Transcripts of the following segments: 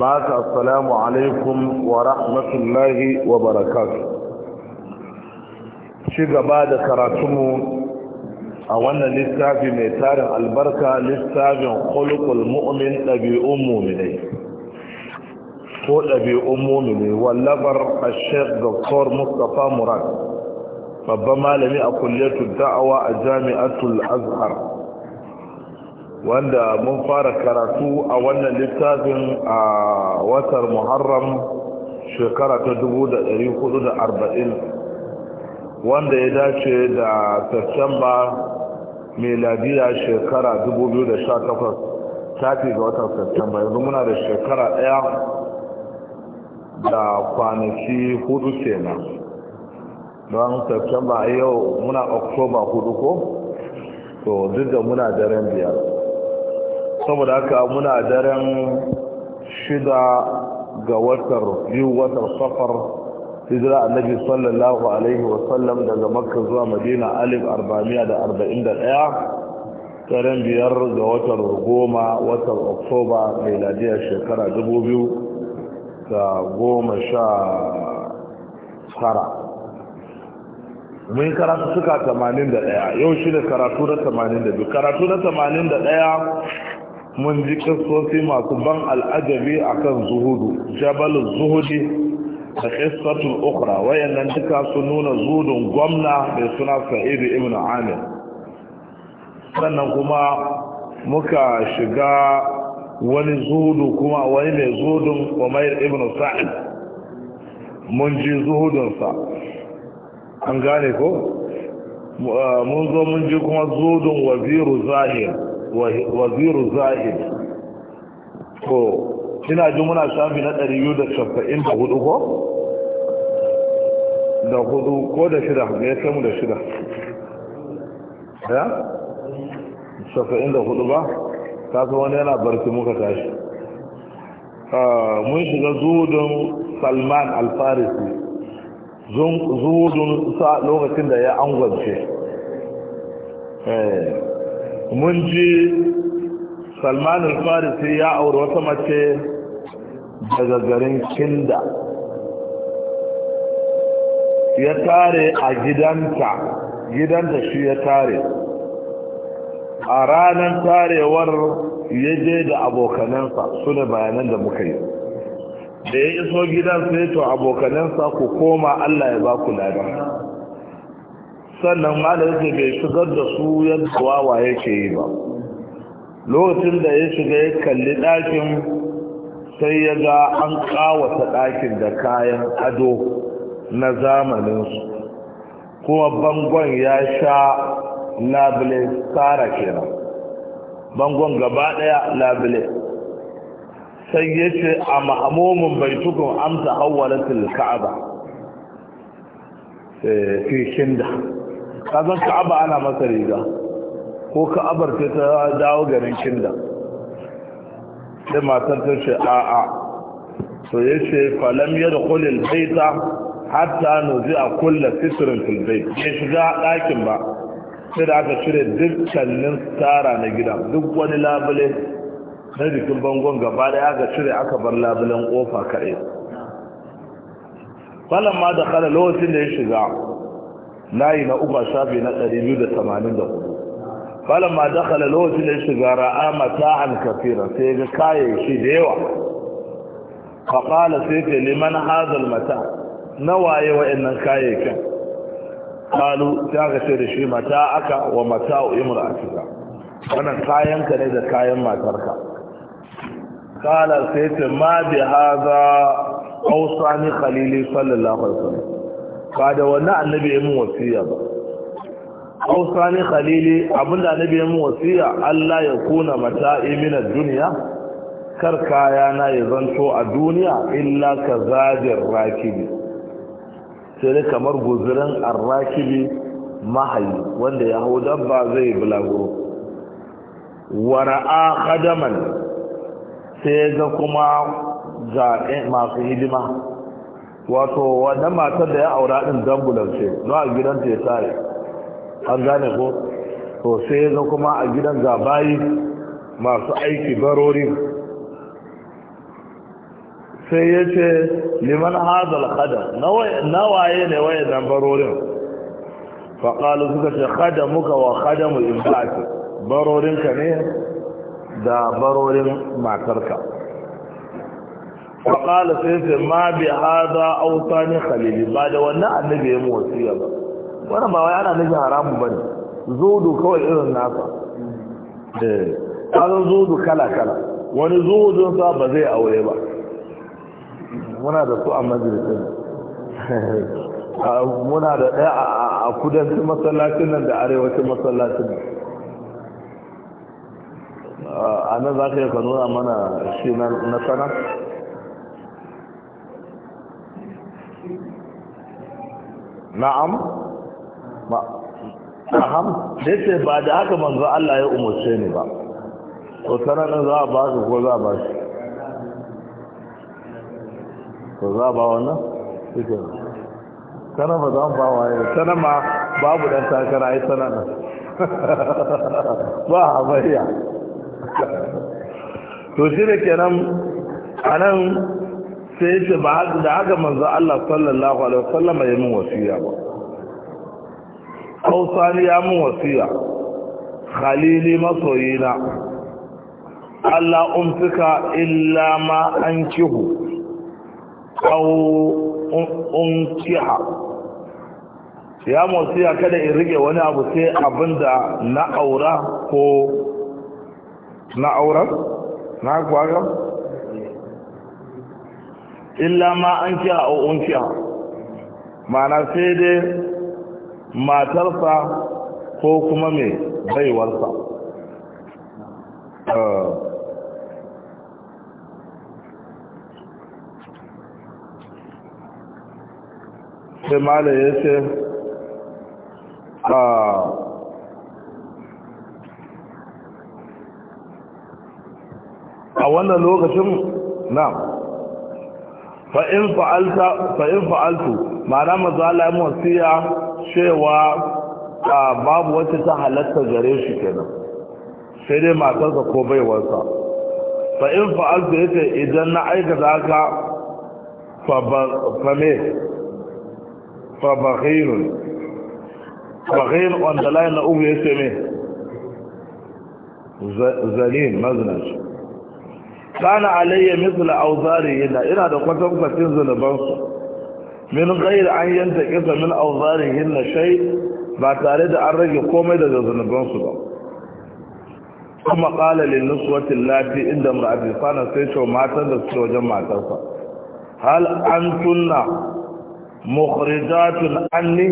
بعد السلام عليكم ورحمة الله وبركاته شكرا بعد كراتم أولا لستاذ ميتار البركة لستاذ خلق المؤمن أبي أمومني قل أبي أمومني واللبر الشيخ دكتور مصطفى مراد فبما لم يأكل الدعوة جامعة الأزهر wanda mun fara karatu a wannan littafin a watar muharram shekara ta 1440 wanda ya dace da septemba meladiya shekara 2018 tafi ga watan septemba yanzu muna da shekara daya da kwanaki hudu kenan don septemba yau muna oktoba hudu ko to duk da muna daren biyar saboda haka muna daren shida ga watar biyu watar safar hijira annabi sallallahu alaihi wasallam daga makka zuwa madina alif arba'amiya da arba'in da ɗaya daren biyar ga watar goma watar oktoba mai ladiyar shekara dubu biyu ga goma sha tara mun karatu suka 81 yau shi da karatu na 82 karatu na 81 mun ji kisosi masu ban al'ajabi akan zuhudu jabal zuhudi da qissatul ukhra wayannan duka su nuna zuhudun gwamna mai suna sa'idu ibn amir sannan kuma muka shiga wani zuhudu kuma wani mai zuhudun umair ibn sa'id mun ji zuhudunsa an gane ko eh, mun zo mun ji kuma zuhudun waziru zahir waziru zahid Ko ina jin muna shafi na 274 ko da hudu ko da shida ne ya samu da shida ya? shafa'in da hudu ba kasa wani yana barci muka tashi ah, mun shiga zuwudun salman alfarisi zuwudun sa lokacin da ya angwance eh. mun ji salman al-farisi ya auri wata mace daga garin kinda ya tare a gidanta gidanta shi ya tare a ranar tarewar ya je da abokanansa su ne bayanan da muka yi da ya iso gidan sai to abokanansa ku koma allah ya ba ku ladan sannan malar yake bai shigar da su yadda wawa yake yi ba lokacin da ya shiga ya kalli ɗakin sai ya ga an ƙawata ɗakin da kayan ado na zamaninsu kuma bangon ya sha labule tsara kenan bangon gaba ɗaya labule sai ya ce a ma'amomin bai tukun amsa tilka ba eh, fi shinda kazan ka'aba ana masa riga ko ka'abar ta ta dawo garin shinda sai matar ta ce a'a to ya ce falam yadda kulil baita hatta nuzi a kulla sitirin filbai ya shiga ɗakin ba sai da aka cire dukkanin tsara na gida duk wani labule na jikin bangon gaba da aka cire aka bar labulen kofa kare. falon ma da kala lokacin da ya shiga layi na uku shafi na 284 falon ma dakala lokacin da shiga ra'a mata'an kafira sai ga shi da yawa faƙala sai ke liman hazal mata na waye wa'annan kayayyakin kalu ta ga sai da shi mata aka wa mata imra a cika wannan kayanka ne da kayan matarka kala sai ce ma bi haza ausani khalili sallallahu alaihi wasallam ba da wannan annabi ya mun wasiya ba ausani sani khalili abinda annabi ya mun wasiya Allah ya kuna mata'i min ad-dunya kar kaya na ya zanto a duniya illa ka zajir rakibi sai kamar guzurin arrakibi mahayi wanda ya hau dabba zai bulaguro wara'a kadaman sai ga kuma ga masu hidima wato wanda matar da ya aura din dambulan ce no a gidan ta ya an gane ko to sai ga kuma a gidan zabayi masu aiki barori sai ya ce liman hazal na waye ne waye nan barorin faƙalu suka ce kada muka wa kada mu in barorinka ne da barorin matarka faƙala sai sai ma bi haza auta ne khalili ba da wannan annabi ya mu wasiya ba wannan ba wai ana nufin haramun ba ne zudu kawai irin nasa eh kalan zudu kala kala wani zudun sa ba zai aure ba muna da su a majalisin muna da ɗaya a kudancin masallacin nan da arewacin masallacin nan a nan za ka yi ka nuna mana shi na sana na'am na'am da ce ba da haka manzo Allah ya umurce ni ba to sananin za a ba su ko za a ba shi to za a ba wannan kike sanan ba za mu ba wa sanan ma babu dan takara ai sananan. ba a to shi kenan a nan sai yace ba da haka manzo Allah sallallahu alaihi wasallam ya min wasiya ba Sani ya min wasiya khalili masoyina Allah umsika illa ma ankihu au unkiha ya wasiya kada in rike wani abu sai abinda na aura ko na aura na kwaga illa ma an kiya a a, mana sai dai matarsa ko kuma mai baiwarsa eh. sai mala ya ce ah, a wannan lokacin na fa'in fa'altu ma'ana mazu alayin wasiya cewa babu wacce ta halatta gare shi kenan sai dai matarsa ko baiwarsa fa'in fa'altu ya ce idan na aikata za ka fabahirun fabahirun wanda layin na ugu ya ce mai zane. kana alayya mithla awzari hinna ina da kwatin zunuban su min ghayr an yanta kisa min awzari hinna shay ba tare da an rage komai daga zunuban su ba kuma qala lin nuswati lati inda mar'ati sana sai to matan da su wajen matarsa hal antunna mukhrijatun anni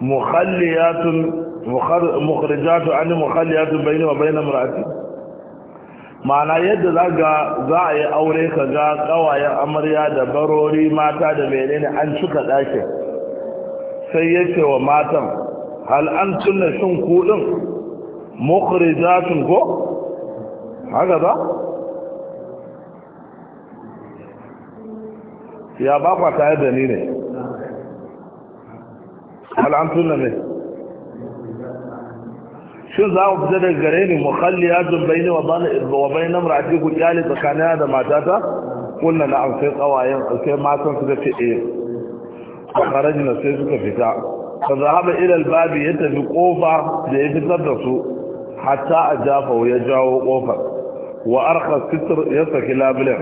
mukhalliyatun anni mukhalliyatun مخليات wa bayna امرأتي mana yadda za za a yi aure ka ga kawayen amarya da barori mata da menene an cika ɗakin sai ya ce wa matan hal an tunna shin kuɗin mukhrijatun ko haka ba ya ba kwa tare da ni ne hal an tunna ne شو زعم بدل الجريني مخلي هذا بيني وبين وبين امرأة تيجي تجالس كان هذا ما جاتا قلنا نعم في قوائم الكل ما كان في ذلك إيه فخرجنا سيدك في تاع فذهب إلى الباب يتجه قوفا ليه تدرسه حتى أجاف ويجع قوفا وأرخى ستر يسك لا بلغ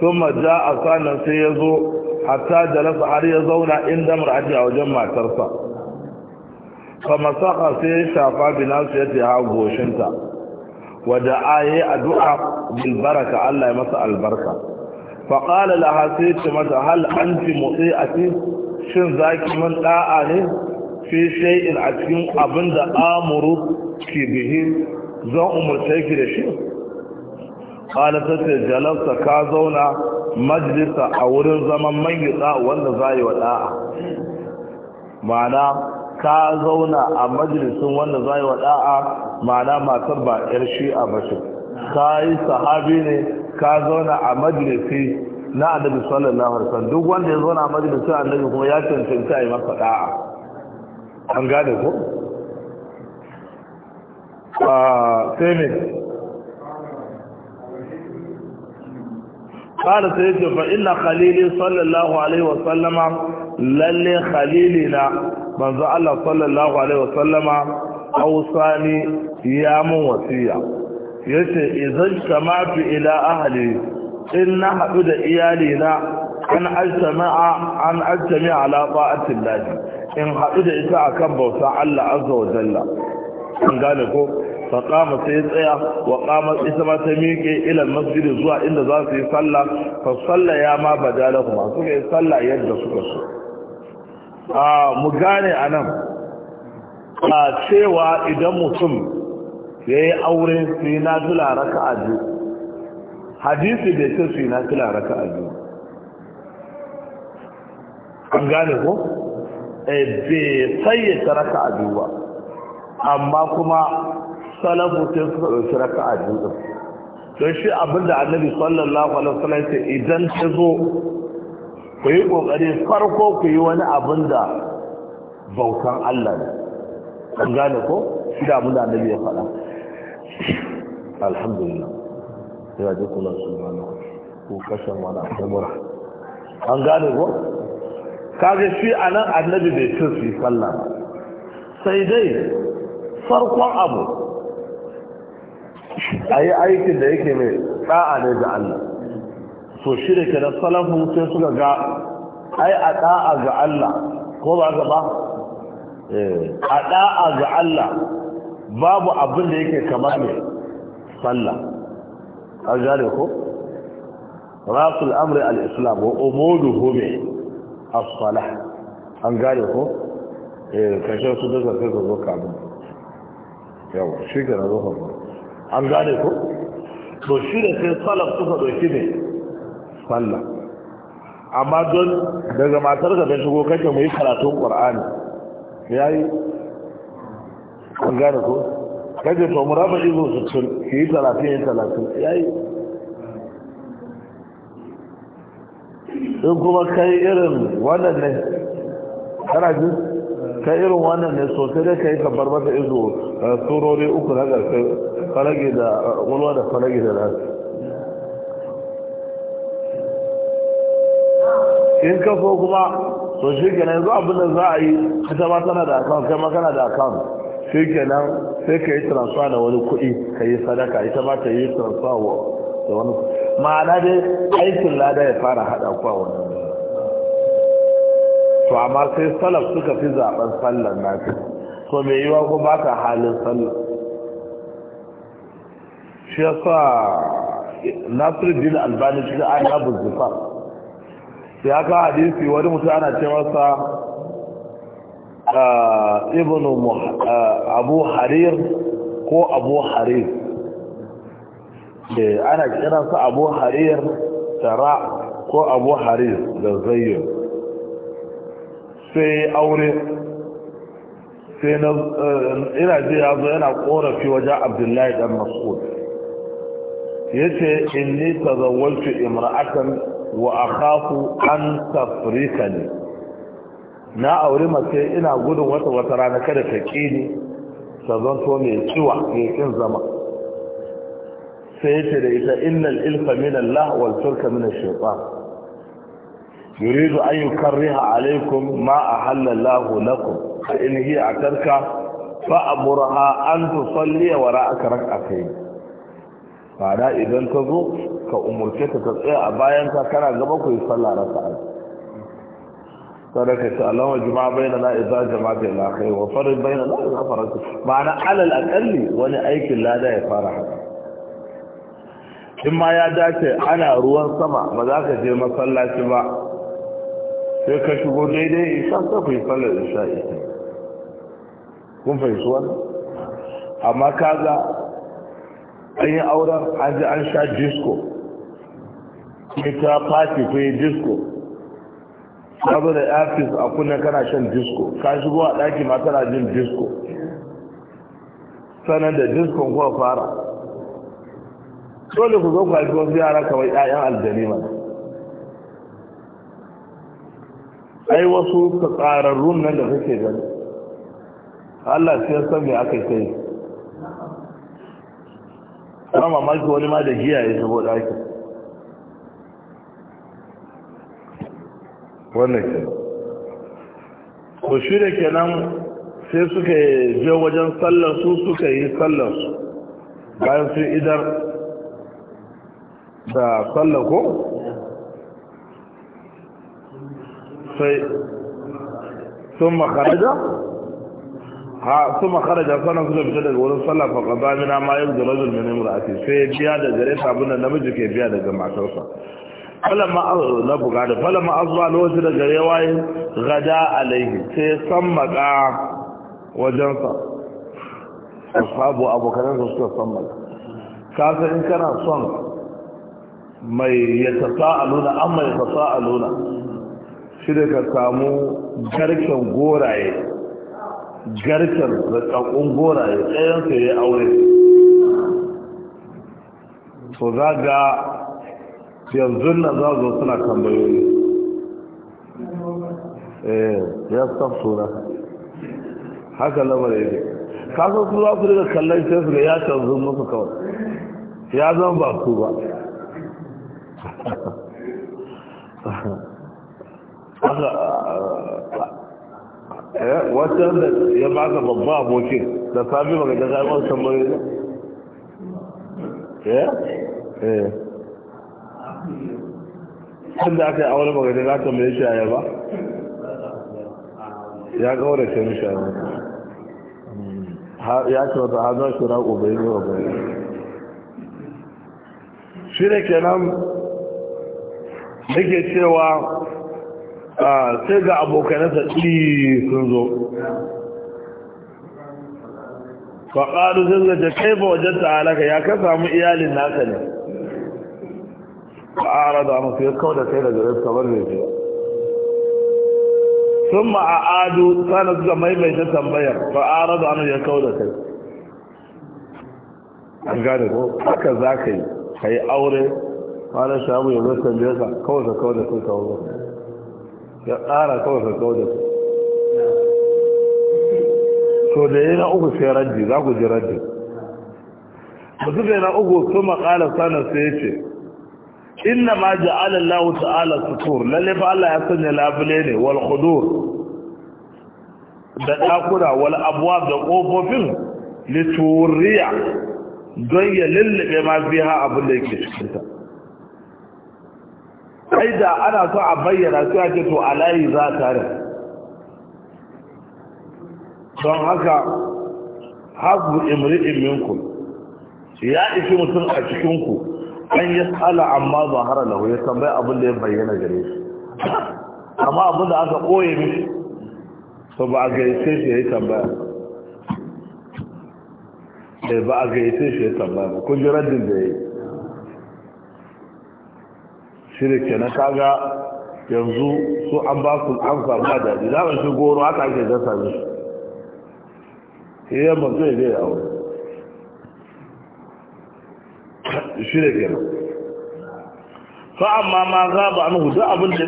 ثم جاء صانا سيزو حتى جلس علي زونا إن دمر عدي أو جمع ترسى kama saka sai ya shafa binasu ya ce ha goshinta wadda aye addu'a bil baraka Allah ya masa albarka faƙala laha sai ce mata hal an ci motsi a ci shin zaki man ɗa'a ne fi shay'in a cikin abin da amuru ki bihi zan umarce ki da shi ƙala ta ce jalarsa ka zauna majalisa a wurin zaman man wanda za yi wa ɗa'a ka zauna a majalisun wanda za yi wa ɗa'a, ma'ana matar ba ƴar shi'a ba ce ka yi sahabi ne ka zauna a majalisi na annabi sallallahu alaihi wasallam duk wanda ya zauna a majalisun annabi kuma ya cancanta a yi masa ɗa'a an gane ko sai ne ƙara sai ce fa ina khalili sallallahu alaihi wasallama lalle khalili na manzo Allah sallallahu alaihi wasallama hausani ya mun wasiya yace idan kama fi ila ahali in na hadu da iyali na an ajtama'a an ajtami ala in hadu da ita akan bauta Allah azza wa jalla an gane ko fa qama sai tsaya wa qama ita ma ta miƙe ila masjid zuwa inda za su yi sallah fa sallaya ma badalahuma suka yi sallah yadda suka so mu gane a nan a cewa idan mutum ya yi aure su yi natula raka a biyu hadisi da ce su yi natula raka a biyu an gane ko? tsaye eh, sayyata raka a biyu ba amma kuma salafu sai suka ɗauki raka a biyu don shi abinda annabi sallallahu alaihi wasallam idan ta zo ku yi ƙoƙari farko ku yi wani abin da bautan Allah ne an gane ko shi da abin da annabi ya faɗa alhamdulillah ya ji kula su gano Ku kashe wani al'amura an gane ko kaga shi a nan annabi bai ce su yi sallah ba sai dai farkon abu a yi aikin da yake mai ɗa'a ne ga Allah to shi da ke da salafu sai suka ga ai a ɗa'a ga Allah ko ba ga ba eh, a ɗa'a ga Allah babu abin da yake kamar ne sallah a jare ko rasul amri al-islam wa umuduhu bi as-salah an gane ko eh kashe su da zaka zo kamun yawa shi ga zo an gane ko to shi da sai salaf suka doki ne sallah amma don daga matar ka ta shigo kake mu yi karatun qur'ani yayi an gane ko kaje to mu raba izo su tun yi talatin. Ya yayi in kuma kai irin wannan ne kana ji kai irin wannan ne sosai da kai ka bar mata izo eh, surori uku na ƙarshe falage da eh, walwa da falage da nasu in ka so kuma to shi kenan zuwa abin da za a yi ita ma tana da account kai ma da account shi kenan sai ka yi transfer da wani kuɗi ka yi sadaka ita ma ta yi transfer da wani ma'ana dai aikin lada ya fara haɗa wani wannan to amma sai salaf suka fi zaben sallar nafi to mai yiwa ko ba ka halin sallar shi ya sa nasiru bin albani cikin an abu zufar sai aka hadisi wani mutum ana ce masa eh, ibn eh, abu harir ko abu harir eh, ana kiransa abu harir tara ko abu harir da zayyo sai aure sai na ina ji ya zo yana korafi wajen abdullahi dan mas'ud ya ce in ni tazawalci imra'atan wa akhafu an tafrikani na auri mace ina gudun wata wata rana kada ta kini ta zanto mai ciwa mai kin zama sai yace da ita innal ilfa min Allah wal turka min ash-shaytan yuridu an yukarriha alaykum ma ahalla Allah lakum in hi atarka fa amurha an tusalli wa ra'aka rak'atayn fa da idan ta zo ka umurce ka ka tsaya a bayan ka kana gaba ku yi sallah raka'a sadaka ta alama juma'a baina la idza jama'a ila khair wa farid baina la idza farid ma'ana alal aqalli wani aikin lada ya fara haka in ma ya dace ana ruwan sama ba za ka je masallaci ba sai ka shigo daidai isha ka fi sallar isha ita kun fahimci wani amma kaga an yi auren an ji an sha disco ya ta fati ko yi disco da artist a kunna kana shan disco ka shigo a ɗaki ma kana jin disco sanar da disco kuwa fara dole ku zo ku haifi wasu yara kamar 'ya'yan aljani ma ai wasu ka tsararrun nan da kake gani Allah sai ya san me aka kai kama mamaki wani ma da giya ya shigo ɗakin wannan ke ko shi da kenan sai suka je wajen sallar su suka yi sallar su bayan sun idar da sallar ko sai sun makaraja ha sun makaraja sannan suka fita daga wurin sallar faƙaɗa mina ma yanzu da rajul min imra'ati sai biya da gare ta abin da namiji ke biya daga matarsa falamma na bukata falamma azuwa lokacin da gare waye gada alaihi sai san maka wajensa ashabu abokanansa suka san maka kasa in kana son mai ya tasa aluna an mai tasa aluna shi da ka samu garken goraye garken zakakun goraye ɗayansa ya aure to za ga yanzu na za zo suna tambayoyi eh ya suna haka lamarin yake kasan su za su daga kallon sai su ga ya canzu musu kawai ya zan ba su ba eh, wacce da ya ka babba abokin da sami baka ga kayan wasu tambayoyi ya? eh, eh. kan da aka yi aure magana za ka mai shi ba yaba ya gaura ta mishi a yaba ya ce wata shi na ubai ne wa bai shi da kenan nake cewa sai ga abokanansa ɗi sun zo faƙaɗu sun zace kai ba wajen ta halaka ya ka samu iyalin nasa ne arada musu ya kauda kai daga rufka bar mai biya sun ma'adu sana suka maimaita tambayar fa arada anu ya kauda kai an gane ko haka za ka yi ka yi aure wani shabu ya zai tambaye ka kawai ka kauda kai ka wuzo ya ƙara kawai ka kauda kai so da yi na uku sai raddi za ku ji raddi mutum da na uku sun maƙalar sana sai ya ce inna ma ja'ala Allah ta'ala sutur lalle fa Allah ya sanya labule ne wal khudur da dakura wal abwab da kofofin lituriya don ya lullube ma biha abin da yake cikin kai da ana so a bayyana sai ake to alayi za ta rin don haka haku imri'in minkum ya ishi mutum a cikinku an yi tsala amma ba har lahu ya tambaya abin da ya bayyana gare shi amma abin da aka koye ne to ba a gaice shi ya yi tambaya da eh, ba a gaice shi ya tambaya ba kun ji raddin da ya yi shi da ke na kaga yanzu su an ba su an samu daɗi za mu shi goro haka ake gasa mishi iya mazu ya zai aure shi da kenan fa amma ma za ba an hudu abin da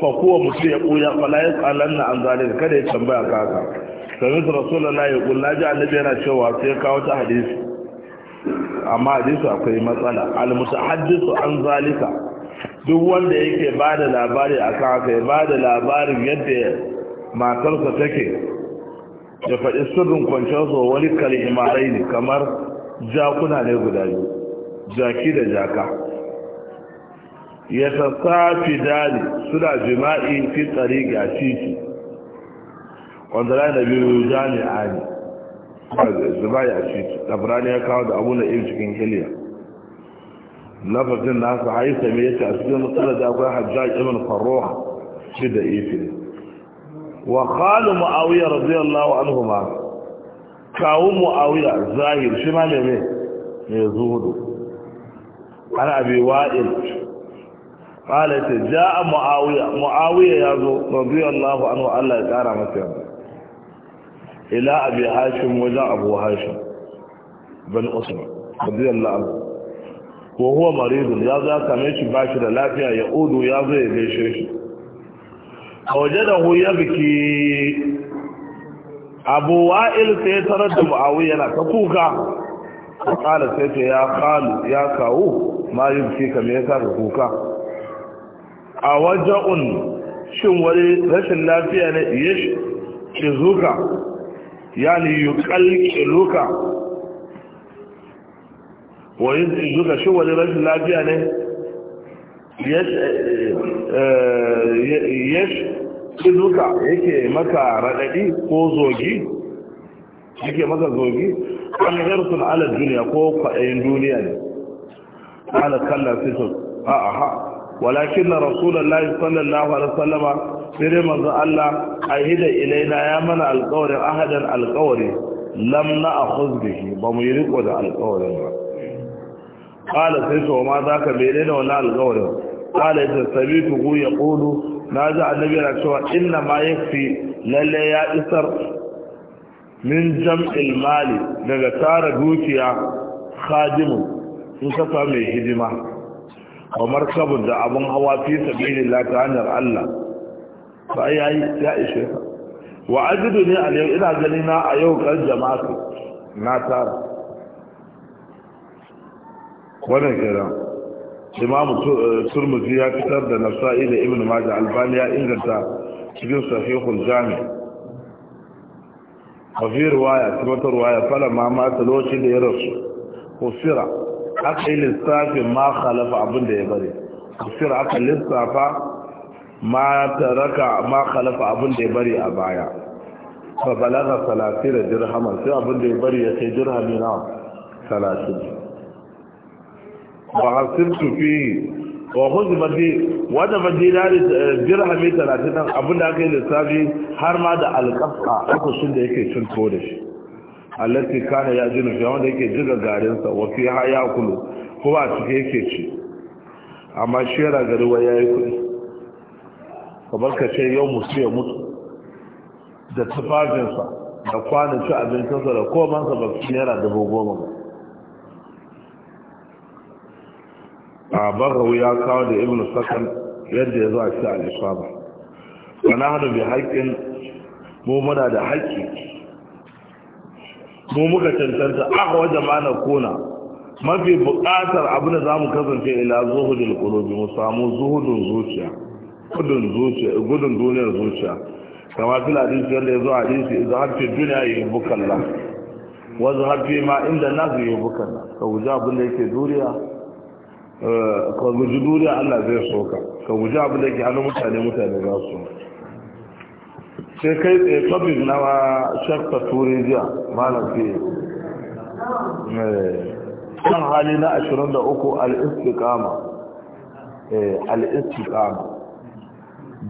fakuwa mutum ya koya fala ya na an zalin kada ya tambaya kaka sami su rasulallah ya kulla ji annabi yana cewa sai ya kawo ta hadisi amma hadisi akwai matsala almusa haddisu an zalika duk wanda yake ba da labari a kan ya ba da labarin yadda matarsa take da faɗi sirrin kwanciyarsa wani kalimarai ne kamar jakuna ne guda biyu jaki da jaka ya sassafi dani suna jima'i fi tsari ga titi wanda rai da biyu jani a ne jima'i a titi birane ya kawo da abu na irin cikin hiliya lafafin nasa haisa mai yace a cikin matsalar da akwai a ibn faruwa shi da ifi wa kalu mu'awiyar radiyallahu anhu ma kawo mu'awiyar zahir shi ma ne mai zuhudu an abi wa'il qala ta ja'a muawiya muawiya yazo Allahu anhu Allah ya kara masa yarda ila abi hashim wajen abu hashim bin usman radiyallahu anhu ko huwa maridun ya za kame shi bashi da lafiya ya udu ya zo ya gaishe shi a waje ya biki abu wa'il sai tarar da mu'awiya na ta kuka kala sai ta ya kalu ya kawo ma yubki kame me sa ga kuka a un shin wani rashin lafiya ne yish zuka ya yuqalqiluka yi kalke shin wani rashin lafiya ne yish eh, eh, zuka yake maka radadi ko zogi yake maka zogi kan hirsun ala duniya ko kwaɗayin duniya ne ana kallafisun a a ha walakin na rasulun lai sallallahu alaihi sallama sire manzo Allah a hida ilaina ya mana alkawarin ahadar alkawarin lam na a huzbihi ba mu yi riko da alkawarin ba ƙala sai sau ma za ka mene na wani alkawarin ƙala ya sassabi tuhu ya na za a nabi cewa inna ma ya fi lalle ya isar min jam'il mali daga tara dukiya khadimun Sun kasa mai hidima kamar kabin da abin hawa fi sabili la ta hanyar Allah ba ya yi ya ishe ka wa ajidu ne a yau ina gani na a yau kan jama'a na tara wannan kenan imamu eh, turmuzi ya fitar da nasa'i da ibn majah albani ya inganta cikin sahihul jami' وفي رواية ثبت رواية lokacin da ya rasu. ko sira aka yi lissafin ma khalafa abin da ya bari tafsir aka lissafa ma taraka ma khalafa abin da ya bari a baya fa balaga salasira dirham sai abin da ya bari ya kai dirhami nawa, salasin ba hasibtu fi wa huzu wa da bade da dirham 30 abin da aka yi lissafi har ma da alƙafa sun da yake cin to da shi allati kana ya jinu shi wanda yake jiga garin sa wa fiha ya kulu kuma a cike yake ci amma shi yana gari wa yayi kudi kamar ka ce yau musu ya mutu da tufafinsa da kwanan ci abincin da komansa sa ba su nera dubu goma ba a barrawu ya kawo da ibnu sakan yadda ya zo a ci al ba wa nahnu bi haqqin mu muna da haƙƙi mu muka cancanta a waje mana kona mafi buƙatar abin da za mu kasance ila zuhudul qulubi mu samu zuhudun zuciya gudun zuciya gudun duniyar zuciya kama fil hadisi wanda ya zo hadisi idan har fi duniya ya yi kalla wasu har fi ma inda na su yi kalla ka guji abin da yake duniya eh, ka guji duniya Allah zai soka ka guji abin da yake hannun mutane mutane za su sai kai tsaye topic na shakta turai jiya malam fiye kan hali na 23 al'istikama al'istikama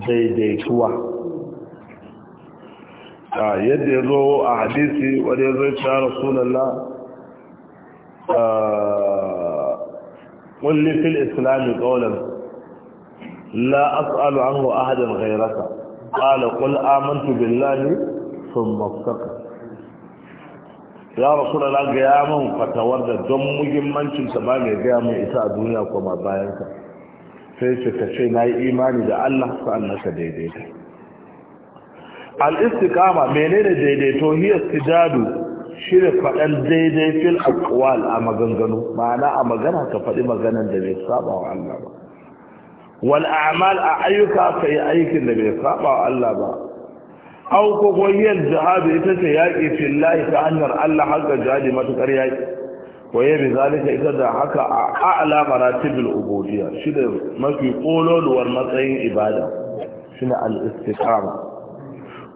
daidaituwa a yadda ya zo a hadisi wadda ya zo ya rasulallah kullum fil islami ƙaunar la as'alu anhu ahadan ghayraka قال قل آمنت بالله ثم افتقر ya rasulullah gaya min fatawar da don muhimmancin ba mai gaya mun ita a duniya kuma bayan ka sai ce ka ce na yi imani da Allah Allah ka daidaita al-istiqama menene daidaito hiya istijadu shirin faɗan daidai fil aqwal a maganganu ma'ana a magana ka faɗi maganan da bai saba wa Allah ba wal a'mal a ayyuka ka yi aikin da bai saba wa Allah ba aw ko goyiyar jihadu ita ce yaƙi fillahi ta hanyar Allah haka ga jihadi matuƙar waye bi zalika ita da haka a a'la maratibul ubudiyya shi da mafi war matsayin ibada shi ne al-istiqama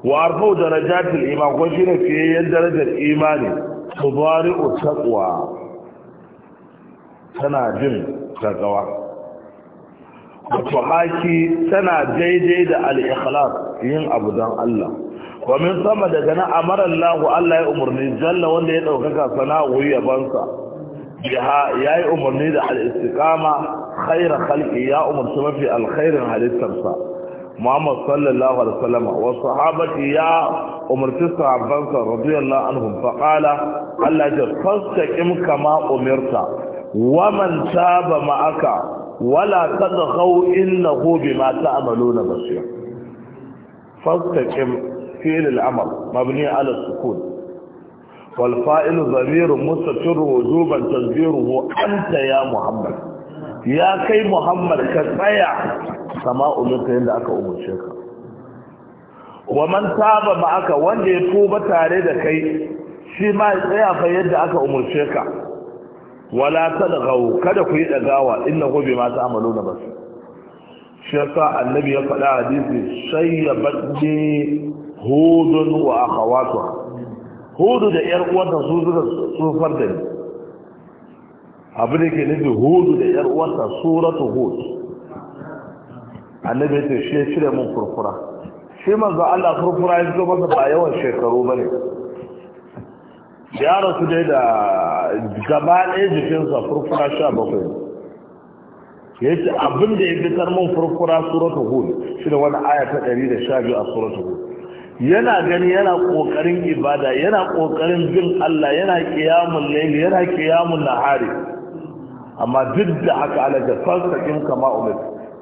wa arfau darajatul iman ko shi ne fiye darajar imani tubari'u taqwa tana jin gaggawa fahaki tana daidai da al'ikhalar yin abu don Allah wa min sama daga na amara Allah Allah ya umarni jalla wanda ya ɗaukaka daukaka sana'u yabansa ya yi umarni da al-istiqama khayr khalqi ya umarci mafi alkhairin halittarsa Muhammad sallallahu alaihi wasallam wa sahabati ya umarci sahabbansa radiyallahu anhum fa qala Allah ya fastaqim kama umarta. wa man taba ma'aka wala tadghaw innahu bima ta'maluna basir fastaqim fi'l al mabni ala sukun wal fa'il dhamir mustatir wujuban tadbiruhu anta ya muhammad ya kai muhammad ka tsaya sama'u minka aka umurce ka wa man taba aka wanda ya tuba tare da kai shi ma ya tsaya fa yadda aka umarce ka wala tadghaw kada ku yi dagawa ta amalo ta'maluna bas shi yasa annabi ya faɗa hadisi shayyabat ni hudun wa akhawatuha hudu da yar uwarta su suka da ni abin da ke nufi hudu da yar uwarta suratu hud annabi ya ce shi ya cire mun furfura shi manzo Allah furfura ya zo masa ba yawan shekaru bane ya rasu dai da gaba ɗaya jikinsa furfura sha bakwai ya ce abin da ya fitar tarmin furfura suratu hud shi da wani aya ta ɗari da sha biyu a suratu hud yana gani yana ƙoƙarin ibada yana ƙoƙarin bin Allah yana ƙiyamun laili yana ƙiyamun nahari amma duk da haka alaƙa fasta kin kama umar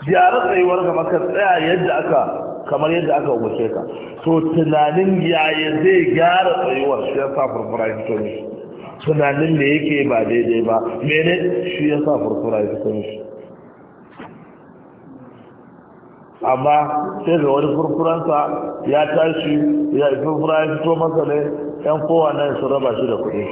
gyara tsayuwar ka tsaya yadda aka kamar yadda aka umarce ka to tunanin yaya zai gyara tsayuwar shi ya sa furfura ya fito mishi tunanin da yake ba daidai ba mene shi ya sa furfura ya fito mishi amma sai ga wani furfuransa ya tashi ya furfura ya fito masa ne yan kowa nan su raba shi da kuɗi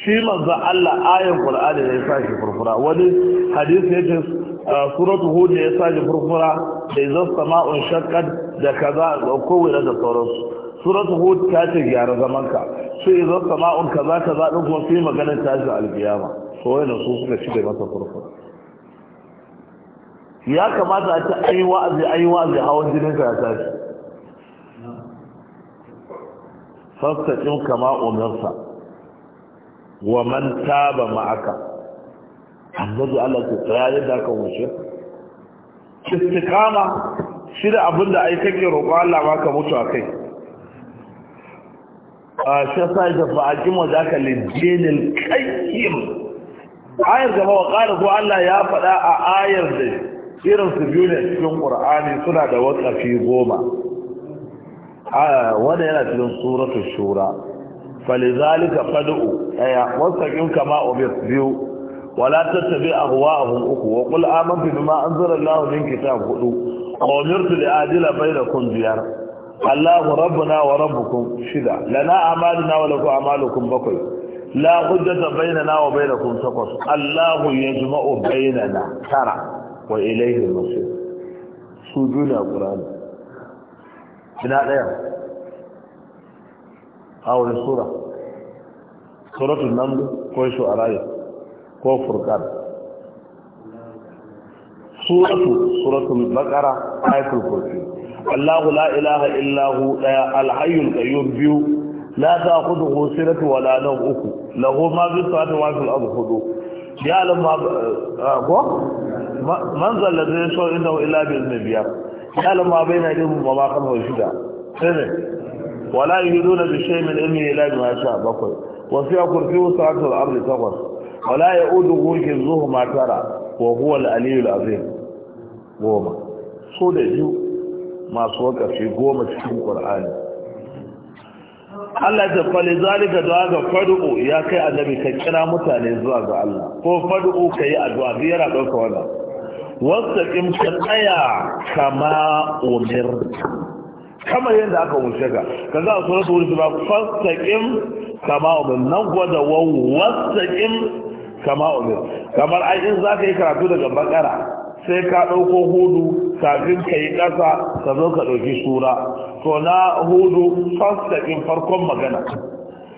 shi manzo Allah ayin Qur'ani ne ya sa shi furfura wani hadisi ya ce suratu hud ya sake furfura da izan sama'un shakkad da kaza da kowane da sauransu suratu hud ta ce gyara zamanka su izan sama'un kaza kaza din kuma sai maganar tashin alkiyama so wai su suka ci da masa furfura ya kamata a ta ayi wa'azi ayi wa'azi hawan jinin ka ya tashi fastaqim kama umarsa wa man taba ma'aka annabi Allah ke tsaya yadda aka wuce istiqama shi da abin da ai kake roƙo Allah ba ka mutu akai a shi sai da ba a kima da ka lidinil qayyim ayar gaba wa qala ko Allah ya faɗa a ayar da irin su biyu ne cikin Qur'ani suna da wasafi goma wanda yana cikin suratul shura falizalika fad'u aya wasaqin kama ubir biyu ولا تتبع أهواءهم أخو وقل آمنت بما أنزل الله من كتاب خلو وأمرت لأعدل بينكم ديار الله ربنا وربكم شدة لنا أعمالنا ولكم أعمالكم بقي لا حجة بيننا وبينكم تقص الله يجمع بيننا ترى وإليه المصير سجون القرآن من الآية أو السورة سورة النمل كويس عليه ko furqan suratu suratul baqara ayatul kursi Allahu la ilaha illa hu al-hayyul qayyum biyu la ta'khudhuhu sinatu wa la nawm uku lahu ma fi samawati wa fil ardi hudu ya'lam ma ah, ko man zalla zai so inda illa bi izni biya ya'lam ma bayna yadayhi wa ma khalfahu shida sai wala yuhiduna bi shay'in min ilmihi illa bima sha'a wala ya udu gurgin zuhu matara wa huwa al'aliyul azim goma so da biyu masu wakafi goma cikin ƙwar'ani Allah ta fali zalika da ga fadu'u ya kai annabi ka kira mutane zuwa ga Allah ko fadu'u ka yi addu'a biyar a ɗauka wannan wasu ƙim ka tsaya kama umir kama yadda aka wuce ka ka za a tsoron su wuce ba fasta ƙim kama umir nan gwada wasu ƙim kama umir kamar ai in za ka yi karatu daga bakara sai ka ɗauko hudu kafin ka yi ƙasa ka zo ka ɗauki sura to na hudu fastaƙin farkon magana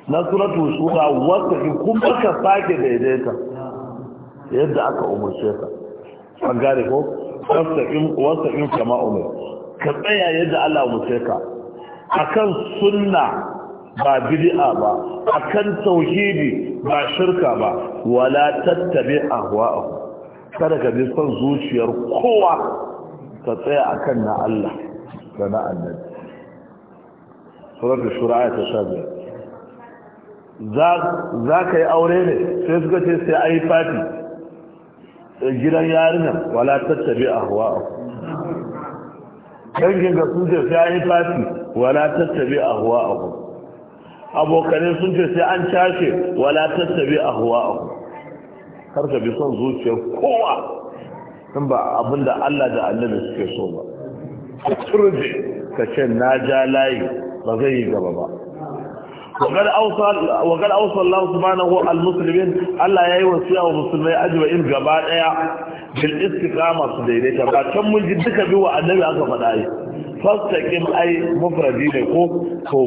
na suratu sura wasaƙin kuma ka sake daidaita yadda aka umarce ka an gane ko wasaƙin kama umir ka tsaya yadda Allah umarce ka akan sunna ba bid'a ba akan tauhidi ba shirka ba wala tattabi ahwa'u kada ka bi son zuciyar kowa ka tsaya akan na Allah da na annabi suratul shura ayat 15 za za ka yi aure ne sai suka ce sai ayi fati gidan yarinya wala tattabi ahwa'u dangin ga su da sai ayi fati wala tattabi ahwa'ahu abokanai sun ce sai an cashe wala tattabi ahwa'u kar ka bi son zuciyar kowa tun ba abinda Allah da Annabi suke so ba ka turje ka ce na ja layi ba zai yi gaba ba وقد أوصل وقد أوصل الله سبحانه المسلمين ألا يوصيه المسلمين أجمعين can mun ji duka من wa بيو النبي أكفر آيه fastaƙin ai mufradi ne ko to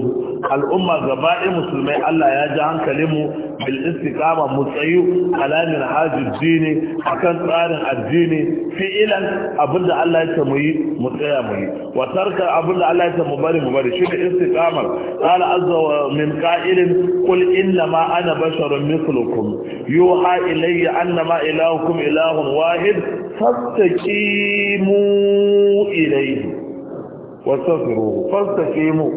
al'umma gaba musulmai Allah ya ji hankalin mu bil istiqama mu tsayu ala min hajjid dini akan tsarin addini fi'ilan abinda Allah ya mu yi mu tsaya mu yi wa tarka abinda Allah ya mu bari mu bari shi ne istiqamar qala azza wa min qa'ilin qul inna ma ana basharun mithlukum yuha ilayya annama ilahukum ilahun wahid fastaqimu ilayhi واستغفروه فاستقيموا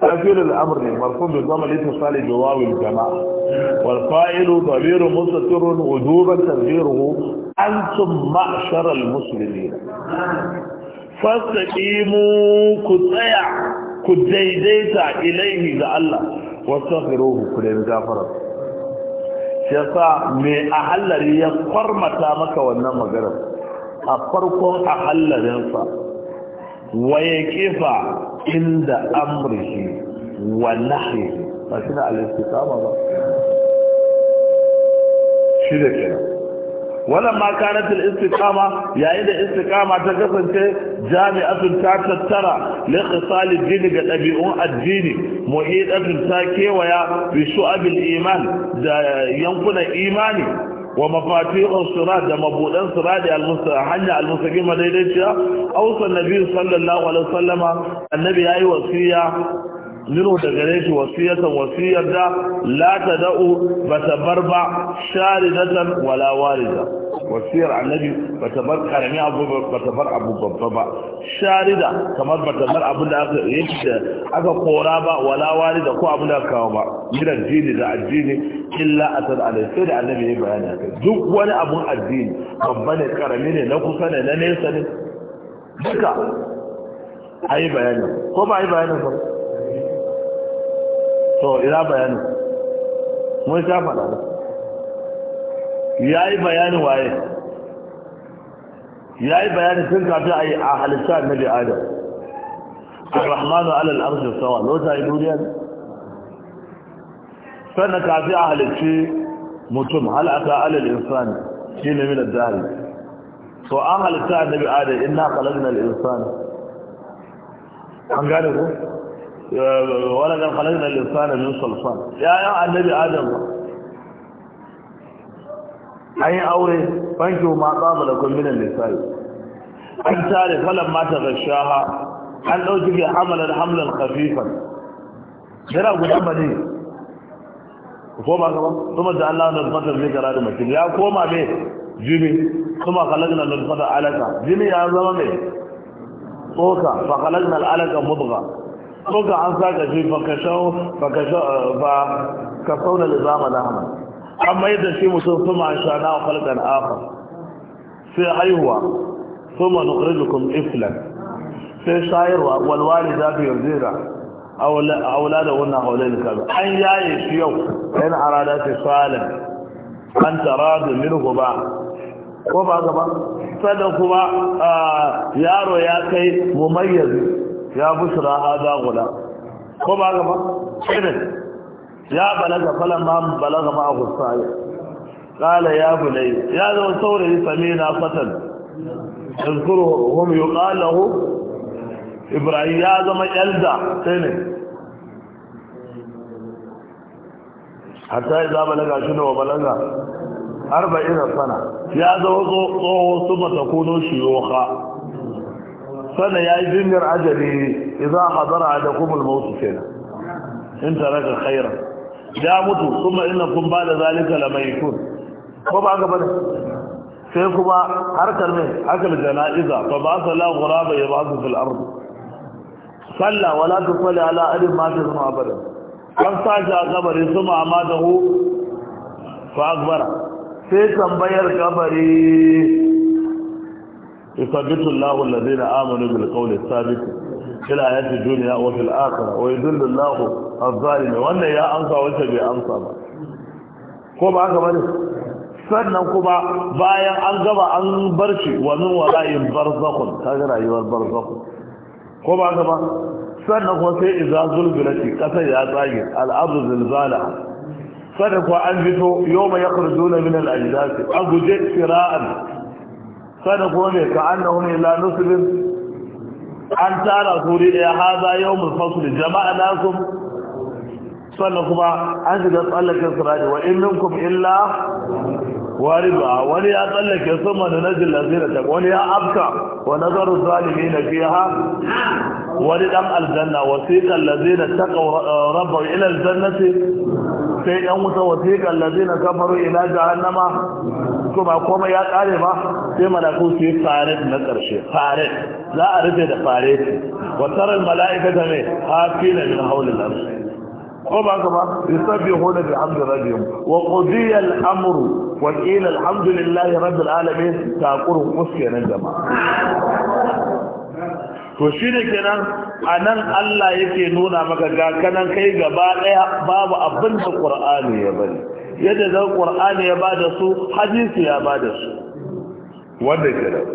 تأثير الأمر مرفوض بالضمن الاتصال جواب الجماعة والقائل ضمير مستتر وجوبا تدبيره أنتم معشر المسلمين فاستقيموا كتيع كديديت إليه ذا الله واستغفروه كلهم جافرا شيخا من أحلري يقرمتا مكا والنمى قرب أفركم أحلرينصا ويكيف عند أمره ونحيه فشنا على الاستقامة بقى شده كده ولما كانت الاستقامة يعني اذا الاستقامه تكسنت جامعة تتترى لخصال الدين بطبيعون الدين محيطة تاكي ويا بشعب الإيمان ينقل إيماني wa mafati'un sirat da mabudan sirat al-musta hanya al-mustaqim daidaiciya awsa nabi sallallahu alaihi wasallama annabi yayi wasiya minu daga gare shi wasiyatan wasiyar da la ta da'u ba ta bar ba sharidatan wala warida wasiyar annabi ba ta bar karami abu ba ta bar abu babba ba sharida kamar ba ta bar abu da aka yi da aka kora ba wala warida ko abu da aka kawo ba gidan jini da addini illa atar alai sai da annabi ya bayani a kai. duk wani abun addini babba ne karami ne na kusa ne na nesa ne duka a yi bayanin ko ba a yi bayanin ba to ina bayani mun sha faɗa ya yi bayanin waye ya yi bayanin tun kafin a yi a halitta annabi adam ar-rahmanu alal arshi sawa lota yi duniya ne sannan kafin a halitta mutum halaka alal insani shine min ad-dahr to an halitta annabi adam inna khalaqna al-insana an gane ko wala kan khalaqna al-insana min salsal ya ya annabi adam ayi aure banki ma tsaba da kun minan an tare falan mata gashaha an dauki bi kuma da Allah da fatar ne gara da mutum ya koma me jimi kuma khalaqna al-fata alaka ya zama mai tsoka fa khalaqna al-alaka ko ga an saka shi baka shau baka shau eh, ba ka sauna lizama lahama amma yadda shi mutum kuma an sha na falkan afa sai haihuwa kuma nukhrijukum iflan sai shayarwa wal walida bi A wula da wannan haulain kaza an yaye shi yau yana arada ta salim an taradu minhu ba ko ba gaba sada kuma ah, yaro ya kai mumayyazi ya bushra hada gula ko ba ga ba Kene. ya balaga falan ma balaga ma gusaye qala ya bunay ya zo saurayi samina fatan yazkuru hum yuqalu lahu ibrahim ya zama yalda sai ne hatta idza balaga shi ne wa balaga arba'in sana ya zo tsoho su mata kuno shiyoha sana ya yi jinyar ajali idan hadara da kuma ke kenan in taraka khaira ya mutu kuma inna kun ba da zalika kun ko ba ga bane sai kuma harkar mai akal janaiza fa ba sa la ghuraba yabasu fil ard salla wala tusalli ala adin ma tazma abada kan sa ja kabari suma amadahu fa akbara sai tambayar kabari يثبت الله الذين آمنوا بالقول الثابت في الآيات الدنيا وفي الآخرة ويذل الله الظالم وأن يا أنصى وأنت بي أنصى كما أكبر sannan kuma bayan an gaba an barci wa min wara'in barzakhun kaga rayuwar barzakhun ko ba sannan kuma sai idza zulbilati kasar ya tsage al'abdu zilzala sannan kuma an fito yawma yakhrujuna min al-ajdath aguje sira'an kada gome ka annahu annahum illa nusbin an tara suri da haza yawmul fasl jama'anakum sannan kuma an shiga tsallakin sirati wa in minkum illa wariba wani ya tsallake sama da najin lazira ta wani ya afka wa nazaru zalimi na fiha wani dan aljanna wasiqan lazina taqaw rabbahu ila aljannati sai yan wuta wasiqan lazina kafaru ila jahannama to ba komai ya kare ba sai malaku su yi faret na karshe faret za a rufe da faret wa tarar mala'ika ta mai hafina min haulin arshi ko ba ka ba yusabbi hona bi hamdi rabbihim wa qudiya al-amr wa qila alhamdulillahi rabbil alamin taqurun kuskenan jama'a to shi ne kenan a nan Allah yake nuna maka ga kanan kai gaba ɗaya babu abin da ƙur'ani ya bari yadda zan ƙwar'ani ya ba da su hadisi ya ba da su wanda kenan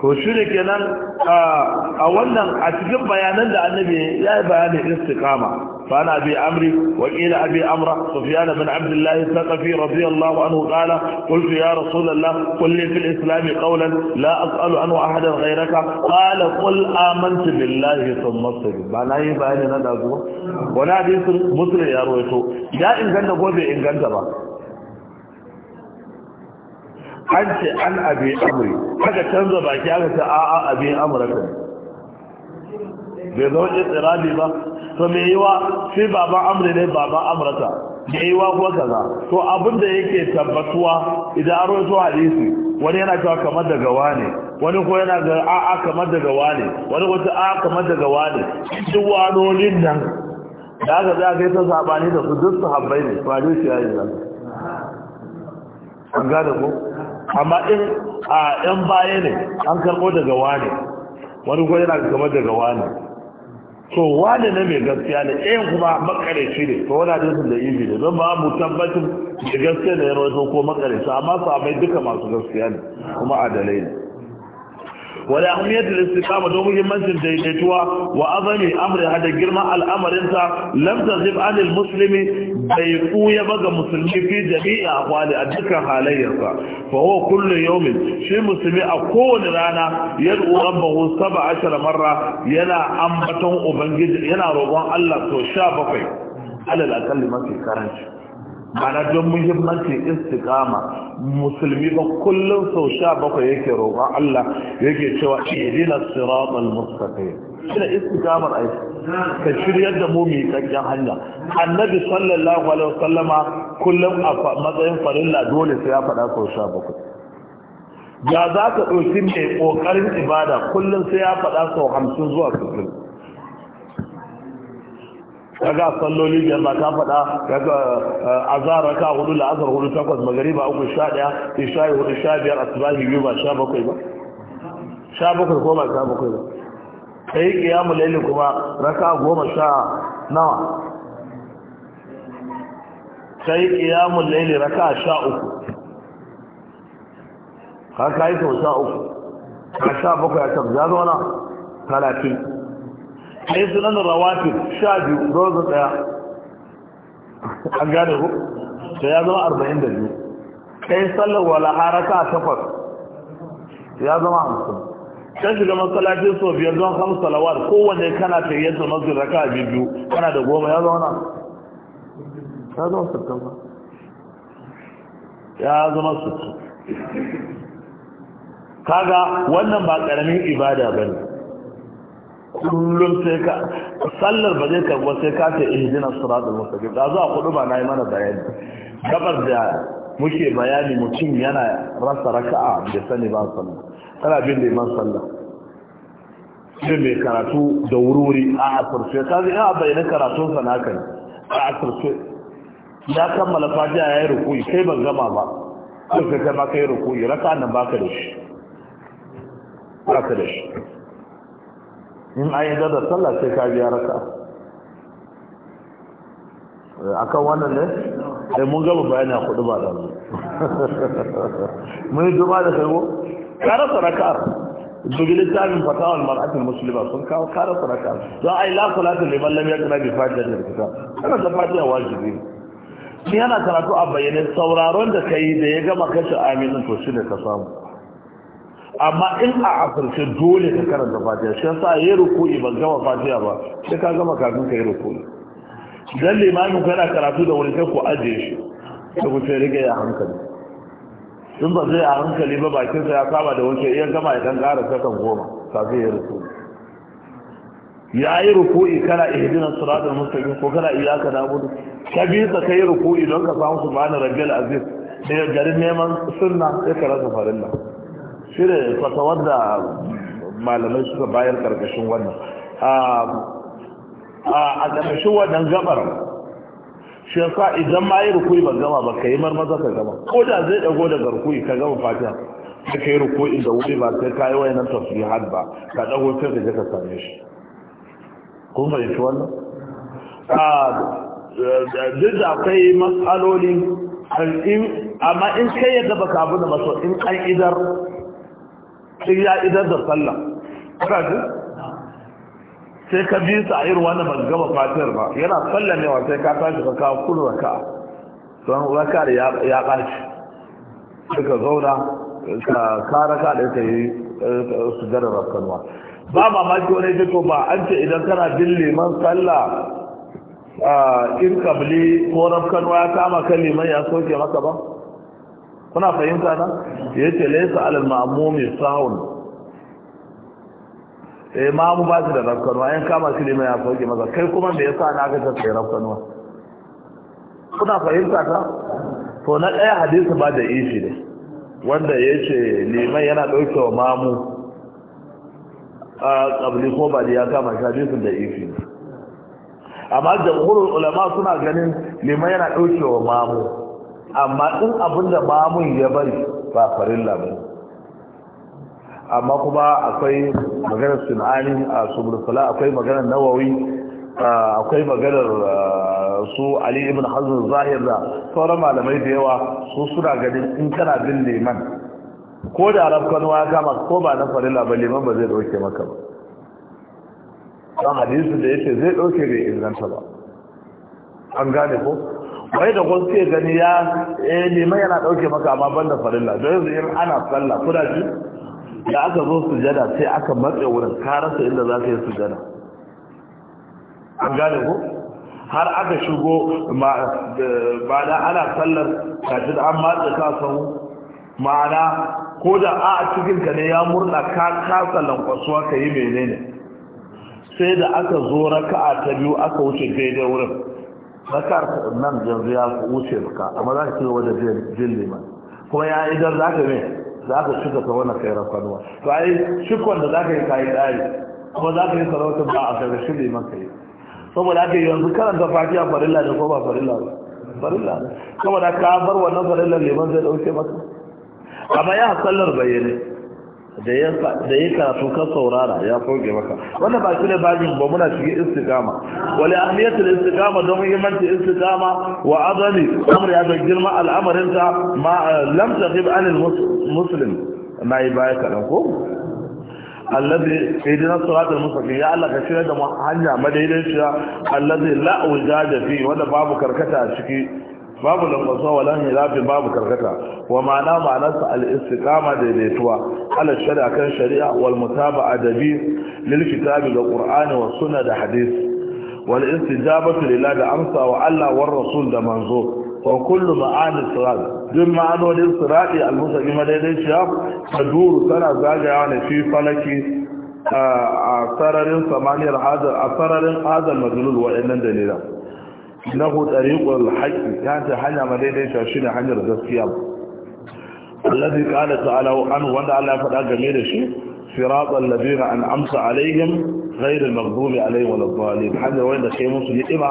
ko shi ne kenan a wannan a cikin bayanan da annabi ya yi bayanin istikama فعن أبي عمرو وقيل أبي عمرو سفيان بن عبد الله الثقفي رضي الله عنه قال قلت يا رسول الله قل لي في الإسلام قولا لا أسأل عنه أحدا غيرك قال قل آمنت بالله ثم الصبر معناه يبقى لنا دعوة وانا حديث مسلم يا رويته يا إن كان قوي إن كان an ce an abi amri haka canza baki aka ce a'a abi amurka bai zama ne ba to mai yiwa shi baban amri ne baban amrata mai yiwa kuwa kaza to abin da yake tabbatuwa idan an rawaito hadisi wani yana cewa kamar daga wane wani ko yana ga a'a kamar daga wane wani wata a'a kamar daga wane duk walolin nan da aka za ka yi ta sabani da su duk su habbai ne faru shi ya yi zan an gane ko amma in a yan baye ne an karɓo daga wane wani ko yana kamar daga wane to wani na mai gaskiya ne ɗaya kuma makarici ne to wani sun da izi ne don ba mu tabbatin da gaskiya da ya rawaito ko makarici amma su amai duka masu gaskiya ne kuma adalai ne wala ahmiyat al-istiqama don muhimmancin daidaituwa wa azami amri da girma al'amarin ta lam tazib musulmi bai kuya ba ga musulmi fi jami'a ahwali a dukkan halayyarsa fa wa kullum yaumin, shi musulmi a kowane rana bahu saba 17 marra yana ambaton ubangiji yana roƙon Allah to bakwai. alal akalli mafi karanci Bana don muhimmancin istiqama musulmi ba kullum sau sha bakwai yake roƙon Allah yake cewa irina siratal mustaqim shine istiqamar aiki ka shiryar da mu mai kakkan hanya annabi sallallahu alaihi wasallama kullum a matsayin farilla dole sai ya faɗa sau sha bakwai ya za ka ɗauki mai ƙoƙarin ibada kullum sai ya faɗa sau hamsin zuwa sittin kaga salloli biyar ba ta faɗa kaga eh, azara raka hudu azar hudu takwas magariba uku sha ɗaya isha'i hudu sha biyar asbahi biyu ba sha bakwai ba sha bakwai ko ba sha bakwai ba kai kiyamu laili kuma raka goma sha nawa kai kiyamu laili raka sha uku ka kai sau sha uku a sha bakwai a tabbata zama na talatin a yi sunan rawatin sha biyu rozu ɗaya an gane ku sai ya zama arba'in da biyu sallar wala haraka takwas ya zama 50 ta shiga masalacin sau biyar don hamsa salawar kowanne kana ta yi yadda masu raka biyu kana da goma ya zama ya zama ba ya zama kaga wannan ba ƙaramin ibada ba ne kullum sai ka sallar ba zai karɓa sai ka ce ihdina siratal mustaqim da zuwa kudu ba yi mana bayani gabar da muke bayani mutum yana rasa raka'a da sani ba sallah tana bin da iman sallah sai mai karatu da wuri a asirce ka zai yana bayani karatun sa naka ne a asirce ya kammala ya yi rukuyi kai ban gama ba sai kai ma kai rukuyi raka'a nan baka da shi da shi in an yi dada sallah sai ka biya raka eh, akan wannan ne ai eh, mun gaba bayani a kudu ba da mun yi duba da kai ko karasa raka dubi littafin fatawar mar'akin musulma sun kawo kara raka za a yi la salatin liman lam yakna bi da kitab kana da fatiha wajibi shi yana karatu a bayyane sauraron da kai da ya gama kashe aminin to shine ka samu amma in a afirce dole ka karanta fatiha shi yasa yi ruku'i ban gama fatiha ba sai ka gama kafin ka yi ruku'i dan limamin ka yana karatu da wani sai ku ajiye shi da ku ce rike ya hankali in ba zai a hankali ba bakin sa ya saba da wuce iya gama ya dan ƙara sakan goma kafin ya ruku'i ya yi ruku'i kana ihdina siratal mustaqim ko kana iyyaka na'budu ka bi sa kai ruku'i don ka samu subhana rabbil aziz da garin neman sunna sai ka rasa farilla shi da fatawar da malamai suka bayar karkashin wannan a karkashin wannan gabar shi yasa idan ma yi rukui ba gama ba ka yi marmaza ka gama ko da zai dago daga rukui ka gama fatiha ka kai rukui da wuri ba sai ka yi tafi tafsihat ba ka dago sai ka je same shi kun fahimci wannan duk da akwai matsaloli amma in kai yadda baka abu da maso in an idar sai ya idar da sallah kuna ji sai ka bi sa irin wani ban gama fatiyar ba yana sallah ne sai ka tashi ka kawo kun raka don raka da ya ɓaci suka zauna ka raka da ya yi su gara rakanwa ba mamaki wani jiko ba an ce idan kana bin liman sallah in kabli ko rakanwa ya kama kan liman ya soke maka ba kuna fahimta nan ya ce laisa alal ma'amumi sahun eh ma mu ba shi da rafkanuwa yan kama shi ne ya sauke maza kai kuma me yasa na ga sai rafkanuwa kuna fahimta ta to na ɗaya hadisi ba da ishi ne wanda ya ce liman yana ɗauke wa mamu a ƙabli ko ba da ya kama shi hadisin da ishi ne amma jamhurin ulama suna ganin liman yana ɗauke wa mamu amma in abin da mamun ya bari ba farilla ba amma kuma akwai maganar sun'ani a subursala akwai maganar nawawi akwai maganar su ali ibn hazin zahir da sauran malamai da yawa su suna ganin in kana bin liman ko da rafkan waya kama ko ba na farilla ba liman ba zai ɗauke maka ba don hadisu da yake zai ɗauke bai inganta ba an gane ko bai da kun sai gani ya eh liman yana dauke maka amma banda farilla don yanzu in ana sallah kuna ji da aka zo sujada sai aka matse wurin ka rasa inda za ka yi sujada an gane ko har aka shigo ba da ana sallar da an matse ka sahu ma'ana ko da a cikin ka ne ya murna ka kasa lankwasuwa ka yi menene sai da aka zo raka'a ta biyu aka wuce daidai wurin bakar nan yanzu ya wuce ka amma za ka ci gaba da jin liman kuma ya idan za ka ne za ka shuka ta wani kai rakwanuwa to ai shikon da za ka yi kayi tsari kuma za ka yi sarautar ba a kaga shi liman ka yi saboda aka yanzu karanta fatiha farilla ne ko ba farilla ba farilla ne saboda ka bar wannan farilla liman zai dauke maka amma ya hasallar bayyane da ya karatu kan saurara ya koge maka wanda ba shi ne bajin ba muna cikin istiqama wali ahmiyatul istiqama don muhimmanci istiqama wa azami amr ya da girma al'amarin ta ma lam taghib an muslim mai baya kadan ko allazi idina al mustaqim ya Allah ka shirya da hanya madaidaiciya allazi la wajada fi wanda babu karkata a ciki babu lambatuwa wala hilafin babu karkata wa ma'ana ma'anarsa al-istiqama daidaituwa ala shari'a kan shari'a wal mutaba'a da lil kitabi da qur'ani wa sunna da hadisi wal istijabatu lillah da amsa wa Allah war rasul da manzo wa kullu ma'ani sirat duk ma'anonin sirati al-mustaqima daidaituwa taduru tana zagaya ne fi falaki a sararin samaniyar hadar a sararin hadar wa'annan dalilan innahu tariqul haqqi ya hanya ma daidai ta shine hanyar gaskiya alladhi qala ta'ala an wanda Allah ya faɗa game da shi siratal ladina an'amta alaihim ghayril maghdubi alaihim waladdallin hanya wanda kai musu ni'ima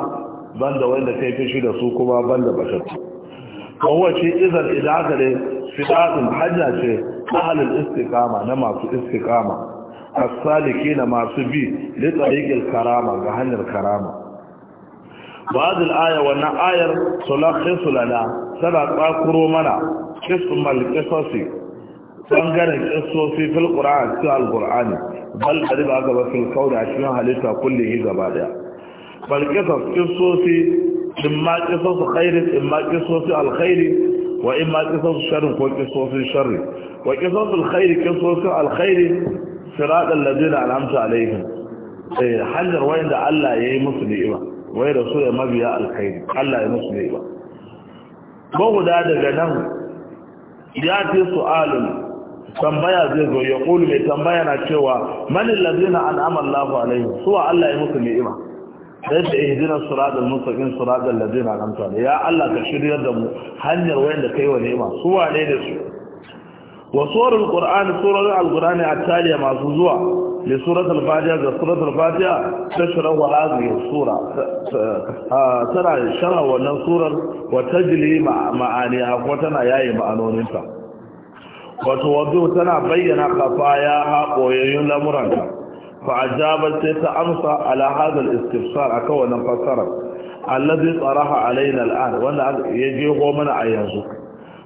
banda wanda kai fishi da su kuma banda bashar kowa ce izan idaka da fitatun hanya ce ahalin istiqama na masu istiqama as-salikina masu bi li tariqil karama ga hanyar karama ba zil aya wannan ayar sulakhisu lana tana tsakuro mana kismal qisasi bangaren qisosi fil qur'an cikin alqur'ani bal dari ba gaba fil kauni a cikin halitta kullihi gaba daya bal qisas qisosi imma qisasu khairin imma qisosi alkhairi wa imma qisasu sharrin ko qisosi sharri wa qisasu alkhairi qisosi alkhairi siratal ladina an'amta alaihim eh, hanyar wayanda Allah yayi musu ni'ima wai da su ya mabiya alkhairi Allah ya musu ne ba ba guda daga nan ya ce su'alun tambaya zai zo ya ƙulu mai tambaya na cewa manin lazina an Allah alaihi suwa Allah ya musu ni'ima sai da ihdina al mustaqim siratal ladina an'amta ya Allah ka shiryar da mu hanyar wayanda kai wa ni'ima suwa ne da su wa suwarul qur'ani surar al-qur'ani at-taliya masu zuwa li surat al-fatiha ga surat al-fatiha tashrahu hadhihi sura tana wannan surar wa tajli ma'aniha tana yayi ma'anoninta wato tana bayyana kafaya ha koyayyun lamuranta فعجابت تتأمسى على هذا الاستفسار أكونا فسرت الذي طرح علينا الآن وأن يجيه a أيازك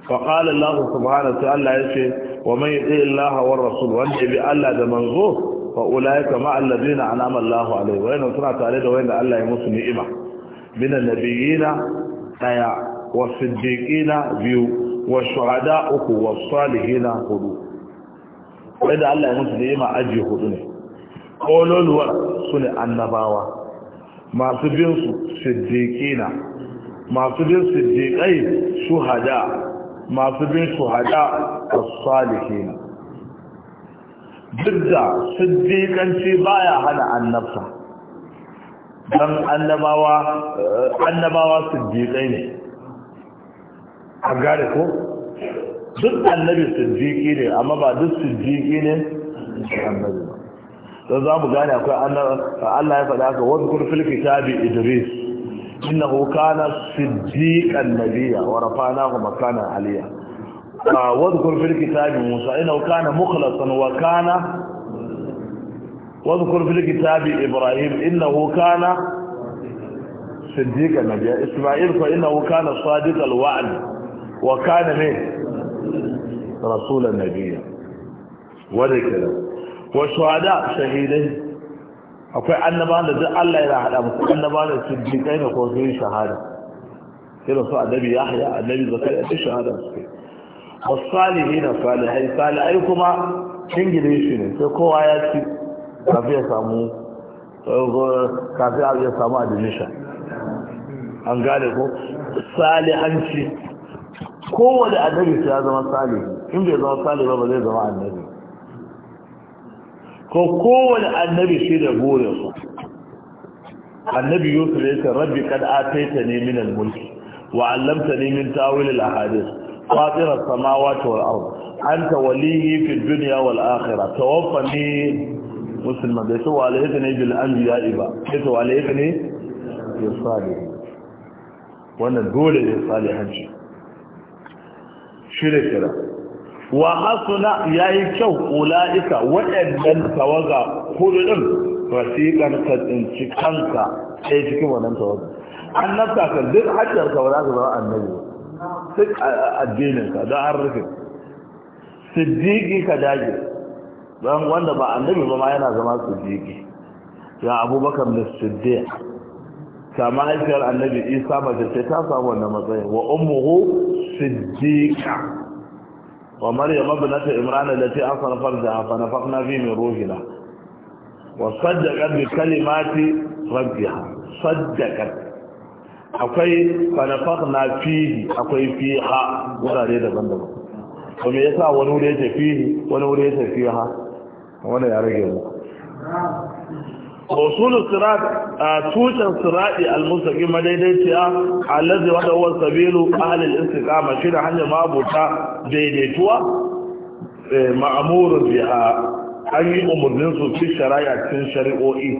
فقال الله سبحانه وتعالى يشي ومن يطيع الله والرسول وان يبي الله ده منزو فاولئك مع الذين انعم الله عليهم وين سنا تعالى ده وين الله يمس نعمه من النبيين ديا والصديقين بيو والشهداء والصالحين هدو وين الله يمس نعمه اجي هدو ne kololuwar su ne annabawa masu bin su siddiƙina masu bin siddiƙai shuhada masu bin shuhada a salihina duk da siddiƙanci ba ya hana annabta don annabawa siddiƙai ne a gare ko duk annabi siddiƙi ne amma ba duk siddiƙi ne annabi ba don za mu gane akwai Allah ya faɗa ka wasu kurfil kitabi Idris إنه كان صديقا نبيا ورفعناه مكانا عليا آه، واذكر في الكتاب موسى إنه كان مخلصا وكان واذكر في الكتاب إبراهيم إنه كان صديقا نبيا إسماعيل فإنه كان صادق الوعد وكان من رسول النبي وذكر والشهداء شهيدين akwai annabawan da duk Allah ya hada musu annabawan da su bi kai ne ko su yi shahada irin su annabi Yahya annabi Zakariya su shahada su kai wasalihin salihai salihai kuma kingire shi ne sai kowa ya ci kafin ya samu kafin ya samu adinisha an gane ko salihanci kowa da annabi sai ya zama salihi in bai zama salihi ba zai zama annabi ko kowane annabi shi da burinsu annabi yusuf ya ce rabbi kad ataita ne min al-mulki wa 'allamtani min ta'wil al-ahadith fatir as-samawati wal ard anta waliyyi fi ad-dunya wal akhirah tawaffani musliman da yawa alayhi bil anbiya ba yawa alayhi ne bil salih wannan dole ne salihanci shi da wa hasuna yayi kyau ulaika waɗannan tawaga kullum rasiqan ka tsinci kanka sai cikin wannan tawaga annabta ka duk hajjar ka wala annabi duk addinin ka da har rufe siddiqi ka dage dan wanda ba annabi ba ma yana zama siddiqi ya abubakar da siddiq ta mahaifiyar annabi isa mace ce ta samu wannan matsayin wa ummuhu siddiqa ومريم ابنة إمران التي أصل فرجها فنفقنا فيه من روحنا وصدقت بكلمات ربها صدقت akwai fanafak na fihi akwai fiha wurare daban-daban to me yasa wani wuri ya tafi ya ha wanda ya rage mu rasulun sirat a tushen sirati al-musakin madaidaiciya allazi wa dawwa sabilu ahlil istiqama shi da hanyar mabuta daidaituwa ma'amurun biha an yi umurnin su fi shari'a cikin shari'o'i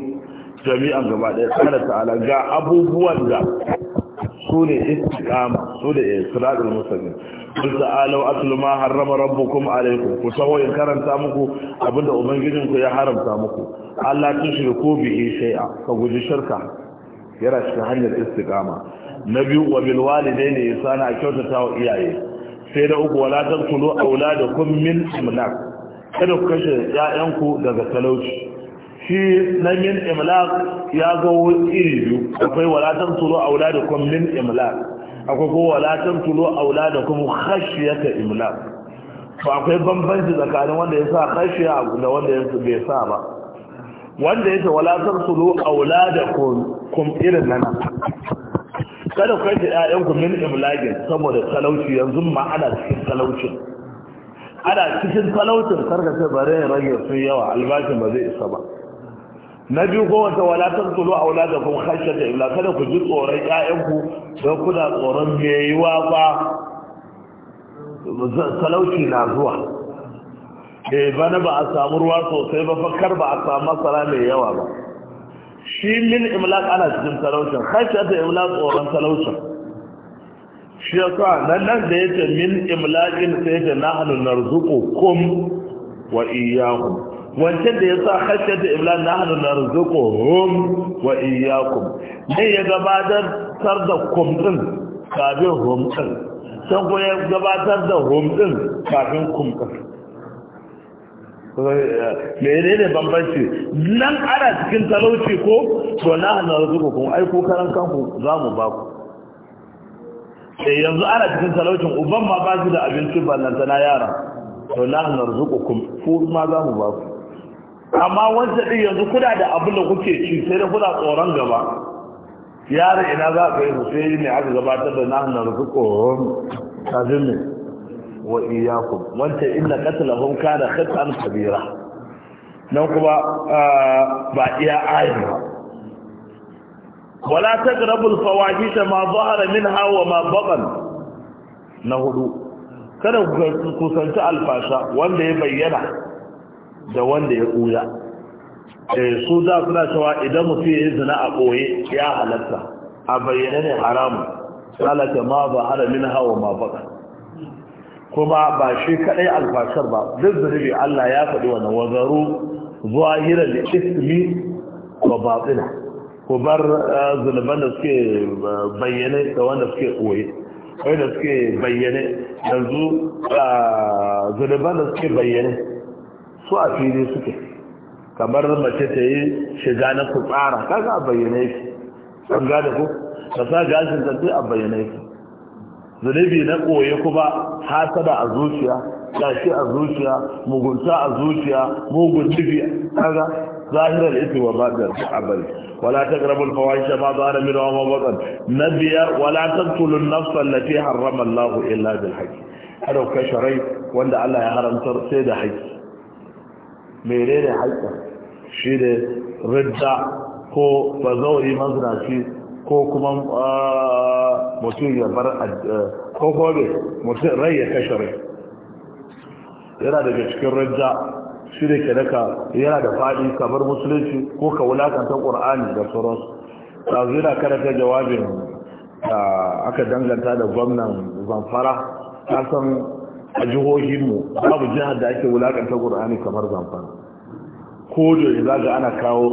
jami'an gaba ɗaya sanata ala ga abubuwan da su ne istiqama su da isra'il musulmi kul ta'alu atlu ma harrama rabbukum alaykum ku tawo in karanta muku abinda ubangijin ku ya haramta muku Allah tun shi ko bi shay'a ka guji shirka yana cikin hanyar istiqama na biyu wa bil walidaini ihsana kyautata wa iyaye sai da uku wala taqtulu auladakum min imlak kada ku kashe 'ya'yanku daga talauci shi nan yin imlaq ya zo iri biyu akwai wala da auladakum min imlaq akwai ko wala tamtulu auladakum khashyata imlaq to akwai bambanci tsakanin wanda ya sa khashiya da wanda ya bai sa ba wanda ya ce a wula auladakum kum irin nan kada ku kashe ƴaƴanku min imlaqin saboda talauci yanzu ma ana cikin talaucin ana cikin talaucin karka sai bare rage sun yawa albashin ba zai isa ba na biyu goma ta wala ta tsoro a wula da kuma hashe da illa kada ku ji tsoron ƴaƴanku don kuna tsoron me yiwa ba, talauci na zuwa eh bana ba a samu ruwa sosai ba fakar ba a samu masara mai yawa ba shi min imlak ana cikin talaucin hashe da imlak tsoron talaucin shi ya sa nan nan da yake min imlakin sai da nahnu narzuqukum wa iyyahum wancan da ya sa hashiyar da imlan na hannun na rizuko hum wa iyakun. ne ya gabatar da kum kafin hum din can ya gabatar da hum kafin kum Mai mene ne bambanci nan ana cikin talauci ko to na hannun rizuko kuma aiko karan kanku za mu ba ku eh, yanzu ana cikin talaucin uban ma ba su da abinci ballantana yara to na hannun rizuko kuma ma za mu ba ku amma wancan ɗin yanzu kuna da abin da kuke ci sai da kuna tsoron gaba yaron ina za ka yi sai ne aka gabatar da nahu na rufu ƙoron kafin ne wa iyakum wancan inna katalahun kana khatan kabira nan kuma ba iya ayin ba wala ta taqrabul fawahisha ma zahara min hawa ma baban. na hudu kada ku kusanci alfasha wanda ya bayyana da wanda ya ƙuya eh, su za suna cewa idan mutum ya yi zina a ɓoye ya halatta a bayyane ne haramun lalata ma ba hada min hawa ma baka kuma ba shi kaɗai alfashar ba duk zunubi Allah ya faɗi wannan wazaru zahirar da ismi wa batsina ku bar eh, zunuban da suke eh, bayyane da wanda suke ɓoye wanda suke bayyane yanzu zunuban da suke bayyane su a fili suke kamar mace ta yi shiga na su tsara kaga a bayyana yake gada ku ka sa gashin ta a bayyana yake zunubi na koye kuma hasada a zuciya gashi a zuciya mugunta a zuciya mugun nufi kaga ظاهر الإثم والرادر أبدا ولا تقربوا الفواحش ما ظهر منها وما بطن نبيا ولا تقتلوا النفس التي حرم الله kashe rai wanda allah ya haramtar sai da حج ne haƙƙa shi ne ridda ko ba zauri mazinaci ko kuma ah, mutum ya bar eh, ko kome mutum rai ya kashe rai yana daga cikin ridda shi ne ke daga yana da faɗi kamar musulunci ko ka wulaƙanta ƙur'ani da sauransu ɗazu yana karatar jawabin da aka danganta da gwamnan zamfara san. a jihohinmu babu jihar da ake wulakanta ƙur'ani kamar zamfara ko da za ga ana kawo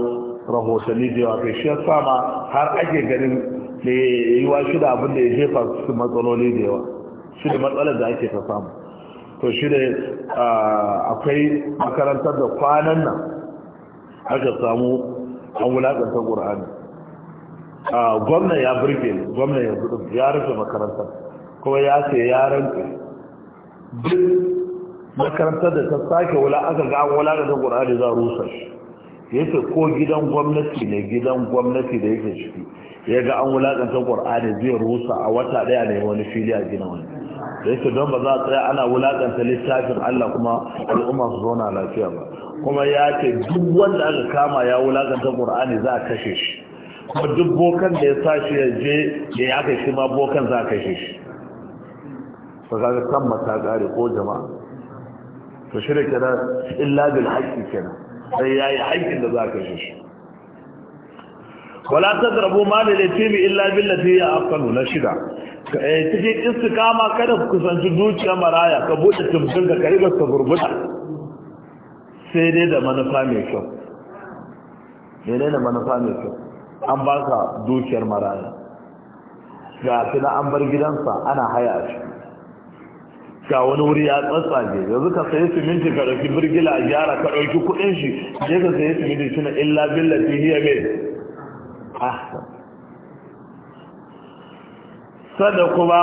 rahotanni da yawa kai shi ya ma har ake ganin da yi wa shida abin da ya jefa su matsaloli da yawa shi da matsalar da ake ta samu to shi da akwai makarantar da kwanan nan aka samu an wulakanta ƙur'ani gwamna ya birge gwamna ya rufe makarantar kuma ya ce ya duk makarantar da ta sake wula aka ga an wula da ƙur'ani za rusa shi Ya ce ko gidan gwamnati ne gidan gwamnati da yake ciki ya ga an wulaƙanta ƙur'ani zai rusa a wata ɗaya ne wani fili a gina wani da yake don ba za a tsaya ana wulaƙanta littafin allah kuma al'umma su zauna lafiya ba kuma ya ce duk wanda aka kama ya wulaƙanta ƙur'ani za a kashe shi kuma duk bokan da ya sa shi ya je ya aka shi ma bokan za a kashe shi to kaga kan mata kare ko jama'a to shi da kira illa bil haqqi kira sai yayi haƙin da zaka shi shi wala taqrabu ma da yatimi illa billati ya aqalu na shida eh, cikin istiqama kada ku kusanci dukiya maraya ka bude tumtun ka kariba ka gurguda sai dai da manufa mai kyau dai da manufa mai kyau an ba ka dukiyar maraya ga na an bar gidansa ana haya a shi ga wani wuri ya tsatsaje yanzu ka sayi siminti ka ɗauki birgila a gyara ka ɗauki kuɗin shi je ka sayi siminti tuna illa billati hiya me Ah sada kuma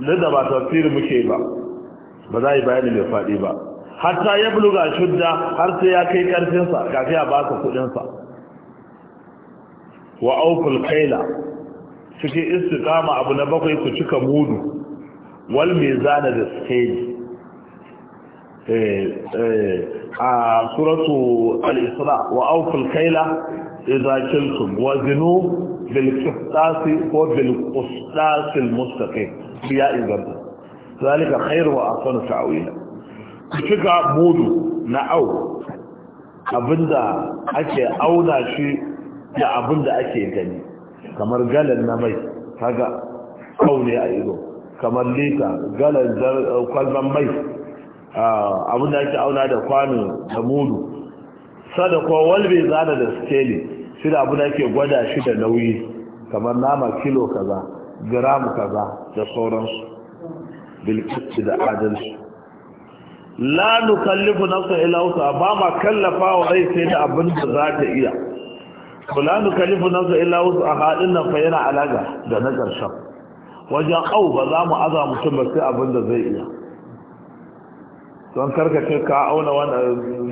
duk da ba tafsiri muke ba ba za a yi bayani mai faɗi ba ta ya buluga shudda har sai ya kai ƙarfinsa kafin ya baka kuɗinsa wa aukul kaila cikin istiqama abu na bakwai ku cika mudu wal mizana da scale eh, eh, a suratu al-isra wa awful kaila idza wa zinu bil qistasi ko bil qistasi al mustaqim biya inganta zalika khairu wa ahsanu ta'wila shiga mudu na au abinda ake auna shi da abinda ake gani kamar galan na mai kaga au ne a ido kamar lita galan eh, kwalban mai abin da ake auna da kwano da mudu sadako walbe zana da steli shi da abin da ake gwada shi da nauyi kamar nama kilo kaza gram kaza da sauransu bilkisti da adalci Lanu kallifu nafsan illa wusa ba ma kallafa wa rai sai da abin da za ta iya kula nukallifu na illa wusa a haɗin nan fa yana alaga da na ƙarshen wajen au ba za mu aza mutum ba sai abin da zai iya don karkace ka auna wanda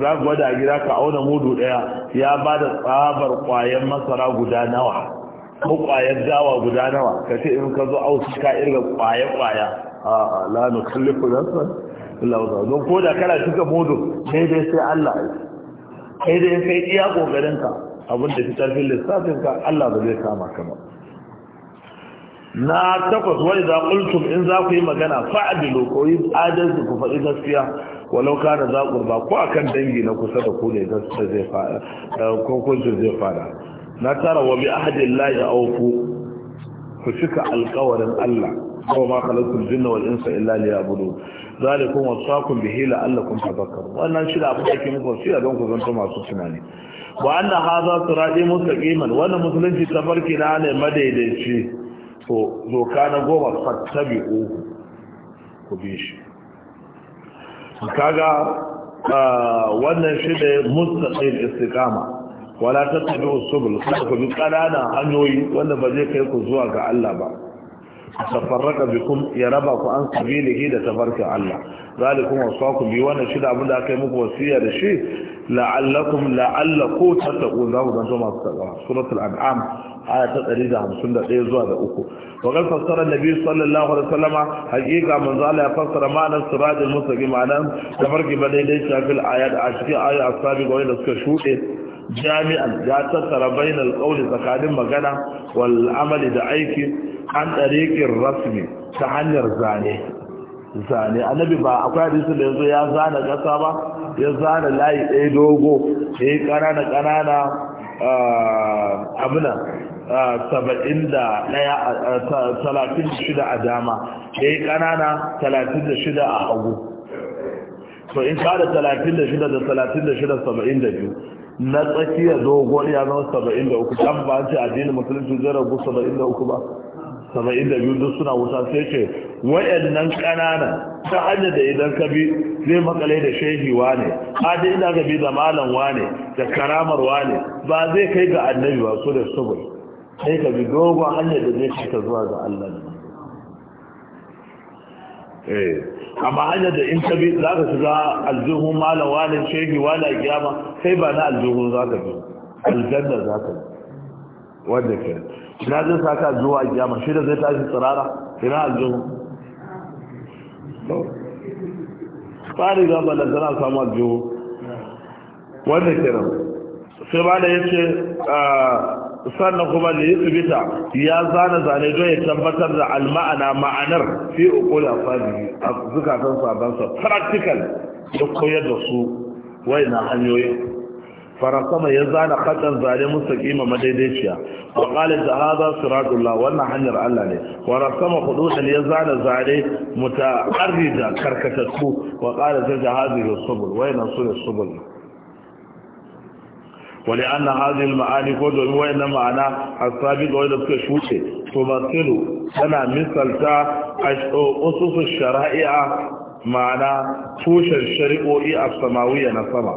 za gwada gida ka auna mudu daya ya ba da tsabar kwayan masara guda nawa ko kwayan dawa guda nawa ka ce in ka zo au ka irga kwaya kwaya a la nu kallifu nafsan illa wa don ko da kana cika mudu dai sai Allah ya sai dai kai iya kokarin ka abin da fitar filin lissafin ka Allah ba zai kama ka ba na takwas wani za kultum in za ku yi magana fa'adilu ko yi adalci ku faɗi gaskiya walau ka da zaƙur ba ko a kan dangi na kusa da ku ne eh, hukuncin zai fada na tara wa bi ahadin layi ofu ku cika alkawarin Allah ko ma khalaqul jinna wal insa illa liya'budun zalikum wasaqum bihi la'allakum tadhakkarun wannan shi da abin da ke muku shi don ku zanto masu tunani wa anna hadha sirati mustaqiman wannan musulunci tafarki na ne madaidaici to doka na goma fattabi uku ku bi shi kaga wannan shi da mustaqil istiqama wala tattabi'u subul ku bi ƙananan hanyoyi wanda ba zai kai ku zuwa ga Allah ba tafarraka bikum ya raba ku an sabilihi da tabarkin Allah zalikum wasaku bi wannan shi da abin da aka yi muku wasiya da shi la'allakum la'allaku tattaqun za ku zanto masu takawa suratul an'am aya ta 151 zuwa da uku wa kan fassara nabi sallallahu alaihi wasallama haqiqa manzo Allah ya fassara ma'anar siratul mustaqim ma'anar tabarki ba daidai shafil ayat a cikin aya asabi ga wanda suka shuɗe jami'an ya tattara bainal qawli tsakanin magana wal amali da aiki an tariqin rasmi ta hanyar zane zane annabi ba akwai hadisi da yanzu ya zana kasa ba ya zana layi ɗaya dogo ya yi ƙanana ƙanana ah, abuna ah, saba'in da ɗaya ah, talatin da shida a dama ya yi ƙanana talatin da shida a hagu to in ka da talatin da shida da talatin da shida saba'in da biyu na tsakiya dogon ya zama saba'in da uku can ba ce addinin musulunci zai rabu saba'in da uku ba saba'in da biyu duk suna wuta sai ce wayannan ƙanana ta hanyar da idan ka bi zai makale da shehi ne, adi ina ka bi da malam ne, da karamar ne, ba zai kai ga annabi ba su da subul sai ka bi dogon hanyar da zai kai ka zuwa ga allah eh. amma hanyar da in tabi za ka shiga aljihun malam wani shehi wani kiyama sai ba na aljihun za ka bi aljanna za ka bi wanda ke na zai sa ka zuwa kiyama shi da zai tashi tsirara ina aljihun tsari ga zana samu aljihun wanda ke nan sai ba da yake sannan kuma da yi tsibita ya zana zane don ya tabbatar da alma'ana ma'anar fi ukuli a fadi a zukatan sabansa practical ya koyar da su wai na hanyoyin farasama ya zana katan zane mustaqima madaidaiciya wa qala da hadha siratullah wannan hanyar Allah ne wa rasama hududan ya zana zane da karkatattu wa qala da hadhihi subul wai na sura subul Wani an na hazin ma'ani ko domin na ma'ana a sabi ga wadda suka shuce to masilu tana misalta a ususu shari'a ma'ana tushen shari'o'i a samawiya na sama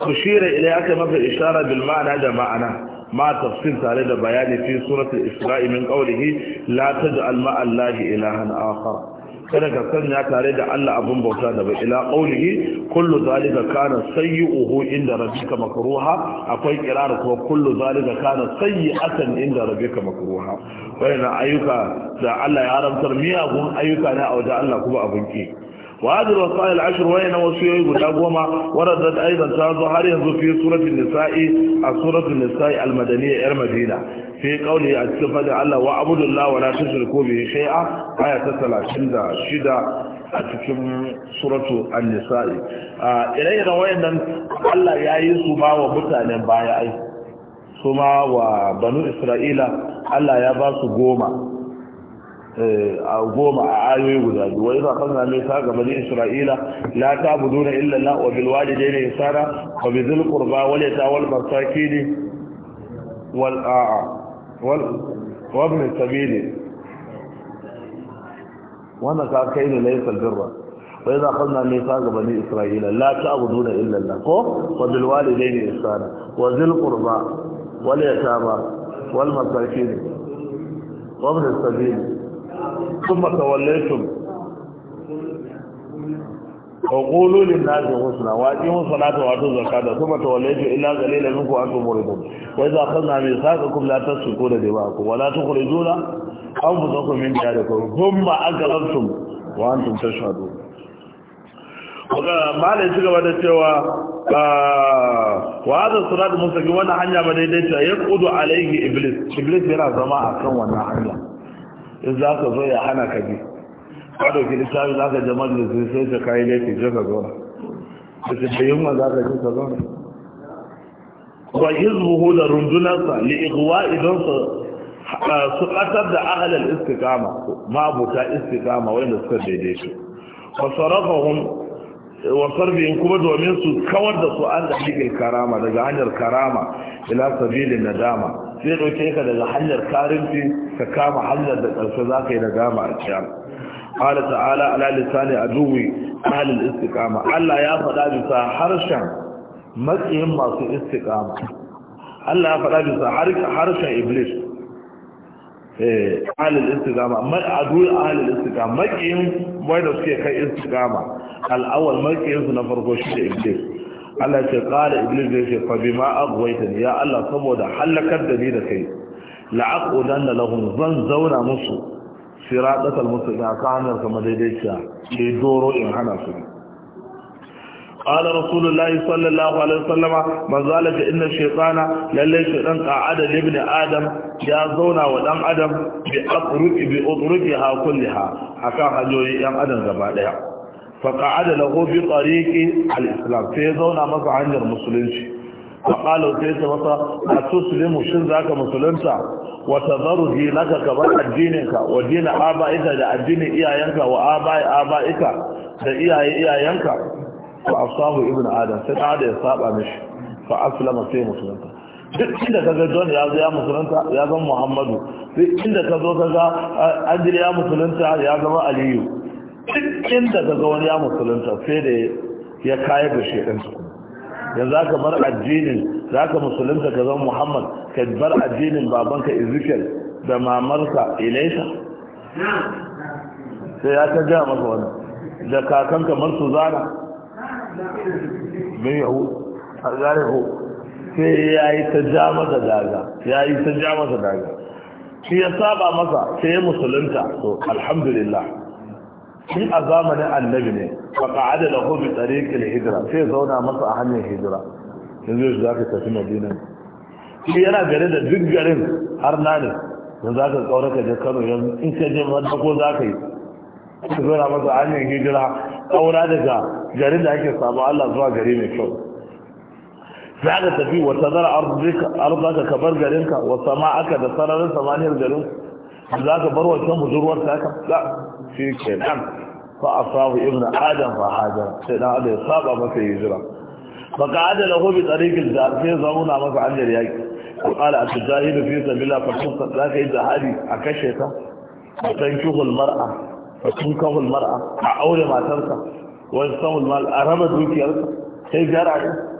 kushira ilai aka mafi ishara bil ma'ana da ma'ana ma tafsir tare da bayani fi suratul isra'i min qawlihi la taj'al ma'a ilahan akhar kada ka sanya tare da Allah abun bauta da bai ila qaulihi kullu zalika kana sayyi'uhu inda rabbika makruha akwai kirar kuma kullu zalika kana sayyi'atan inda rabbika makruha wannan ayyuka da Allah ya haramtar miyagun ayyuka ne a wajen Allah kuma abun ki وهذه الوصايا العشر وين وصيه قدامهما وردت أيضا تنظر هل ينظر في سورة النساء سورة النساء المدنية المدينة fi kauli a cikin fadin Allah wa abudullahi wa la tushriku bihi shay'a aya ta 36 a cikin suratu an-nisa'i ire-iren wayannan Allah ya yi su ba wa mutanen baya ai su ma wa banu Isra'ila Allah ya ba su goma a goma a ayoyi guda biyu wai zaka zama mai sa gaba Isra'ila la ta'buduna illa Allah wa bil walidayni ihsana wa bi dhil qurba wal yatawal masakini wal a'a وابن السبيل وانا كاكين ليس البر وإذا أخذنا ميثاق بني اسرائيل لا تعبدون الا الله وبالوالدين احسانا وذي القربى واليتامى والمساكين وابن السبيل ثم توليتم wa qulu lin nasi husna wa aqimu salata wa atu zakata thumma tawallaytu illa qalilan minkum antum muridun wa idha akhadna mithaqakum la tasfikuna dima'akum wa la tukhrijuna anfusakum min diyarikum thumma aqrartum wa da cewa wa wannan hanya ba daidai ta kudu alaihi iblis iblis yana zama akan wannan hanya in za ka zo ya hana ka bi ka dauki littafi za ka jama da su sai ka kayi laifi zai ka zauna da su bayan ma za ka ji ka zauna wa buhu da rundunarsa li iguwa idan su su ƙasar da ahalar ma mabuta istikama wanda suka daidai su wa hun wa sarbihin kuma domin su kawar da su an da karama daga hanyar karama ila sabilin nadama sai ɗauke ka daga hanyar karinci ka kama hanyar da ƙarshe za ka yi nadama a ciyar kala ta'ala ala lisani aduwi ahli al-istiqama Allah ya fada bisa harshen matsayin masu istiqama Allah ya fada bisa harshen iblis eh ahli al-istiqama ma aduwi ahli al-istiqama makin wanda suke kai istiqama al-awwal na farko shi da iblis Allah ya kala iblis ya ce fa bima aghwaytan ya Allah saboda halakar da ni da kai la'aqudanna lahum zan zauna musu shira ɗasar musu ya kanar kama daidai ce ke eh, doro in hana su ƙada rasulullahi sallallahu alaihi sallama manzalaka inna shekana lallai shi ɗan ƙa'adar ibn adam ya zauna wa ɗan adam bi aƙuruki bi aƙuruki ha kulli a kan hanyoyi ɗan adam gaba ɗaya faƙa'adar lahobi ƙariki al-islam sai zauna masa hanyar musulunci faƙalau sai ta masa a tuslimu shin za ka musulunta wata zaru dinaka ka bar addininka wa dina aba'ika da addinin iyayenka wa aba'i aba'ika da iyaye iyayenka fa afsahu ibnu adam sai ta da ya saba mishi fa aslama sai musulunta duk inda ka ga don ya zo ya musulunta ya zama muhammadu duk inda ka zo ka ga adil ya musulunta ya zama aliyu duk inda ka ga wani ya musulunta sai da ya kayar da shi ɗin yanzu aka bar addinin za ka musulunta ka zama muhammad ka bar addinin babanka ezekiel da mamarsa ilaisa sai ya ta gaya masa wani da kamar su zara bin yahu a ho. sai ya yi ta ja masa daga ya yi ta ja masa daga shi ya saba masa sai ya musulunta to alhamdulillah in a zamanin annabi ne da qa'ada lahu bi da hijira? sai zauna masa a hanyar hijira yanzu za ka tafi madina shi yana gare da duk garin har na ne yanzu za ka tsaura ka je kano yanzu in ka je wanda ko za ka yi ka zauna masa a hanyar hijira tsaura daga garin da ake samu Allah zuwa gari mai kyau za ka tafi wata zara arzika ka kabar garinka wa aka da sararin samaniyar garinka za ka bar wancan budurwar ta ka za shi ke nan fa asabu ibnu adam fa hajar sai dan adam ya saba masa hijira fa qa'ada lahu bi tariqil da sai zauna masa hanyar yaki ko qala at-jahidu fi sabilillah fa kun za ka yi jihadi a kashe ta san kihul mar'a fa kun kihul mar'a a aure matarsa wani samun mal a raba dukiyarsa sai jara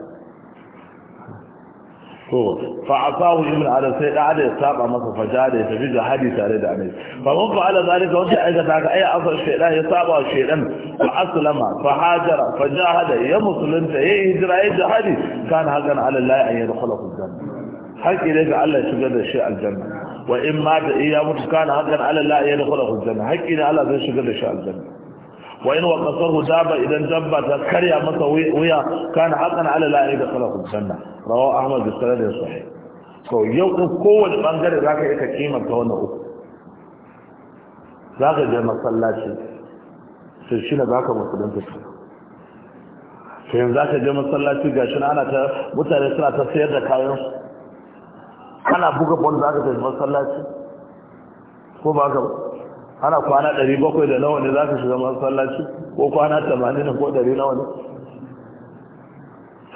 to fa asahu ibn adam sai da adam saba masa faja ya tafi da jihadi tare da annabi fa mun fa ala zalika wanda aka daga ai asar shaydan ya saba shaydan fa aslama fa hajara fa jahada ya musulunta ya hijira ya jihadi kana hakan ala allah an yadkhulahu aljanna haƙi ne ga Allah ya shiga da shi aljanna wa in ma da iya mutu kana hakan ala allah an yadkhulahu aljanna haƙi ne Allah zai shiga da shi aljanna wa in wa qasahu daba idan dabba ta karya masa wuya kana haqqan ala la'i da salafus sunna yau din kowane bangare zaka yi ka kimanta wannan uku ka je masallaci sai shi ne zaka musulunta to yanzu zaka je masallaci gashi ana ta mutane suna ta sayar da kayan Kana buga za ka je masallaci ko ba ka ba ana kwana 700 da nawa ne za ka shiga masallaci ko kwana 80 ko 100 nawa ne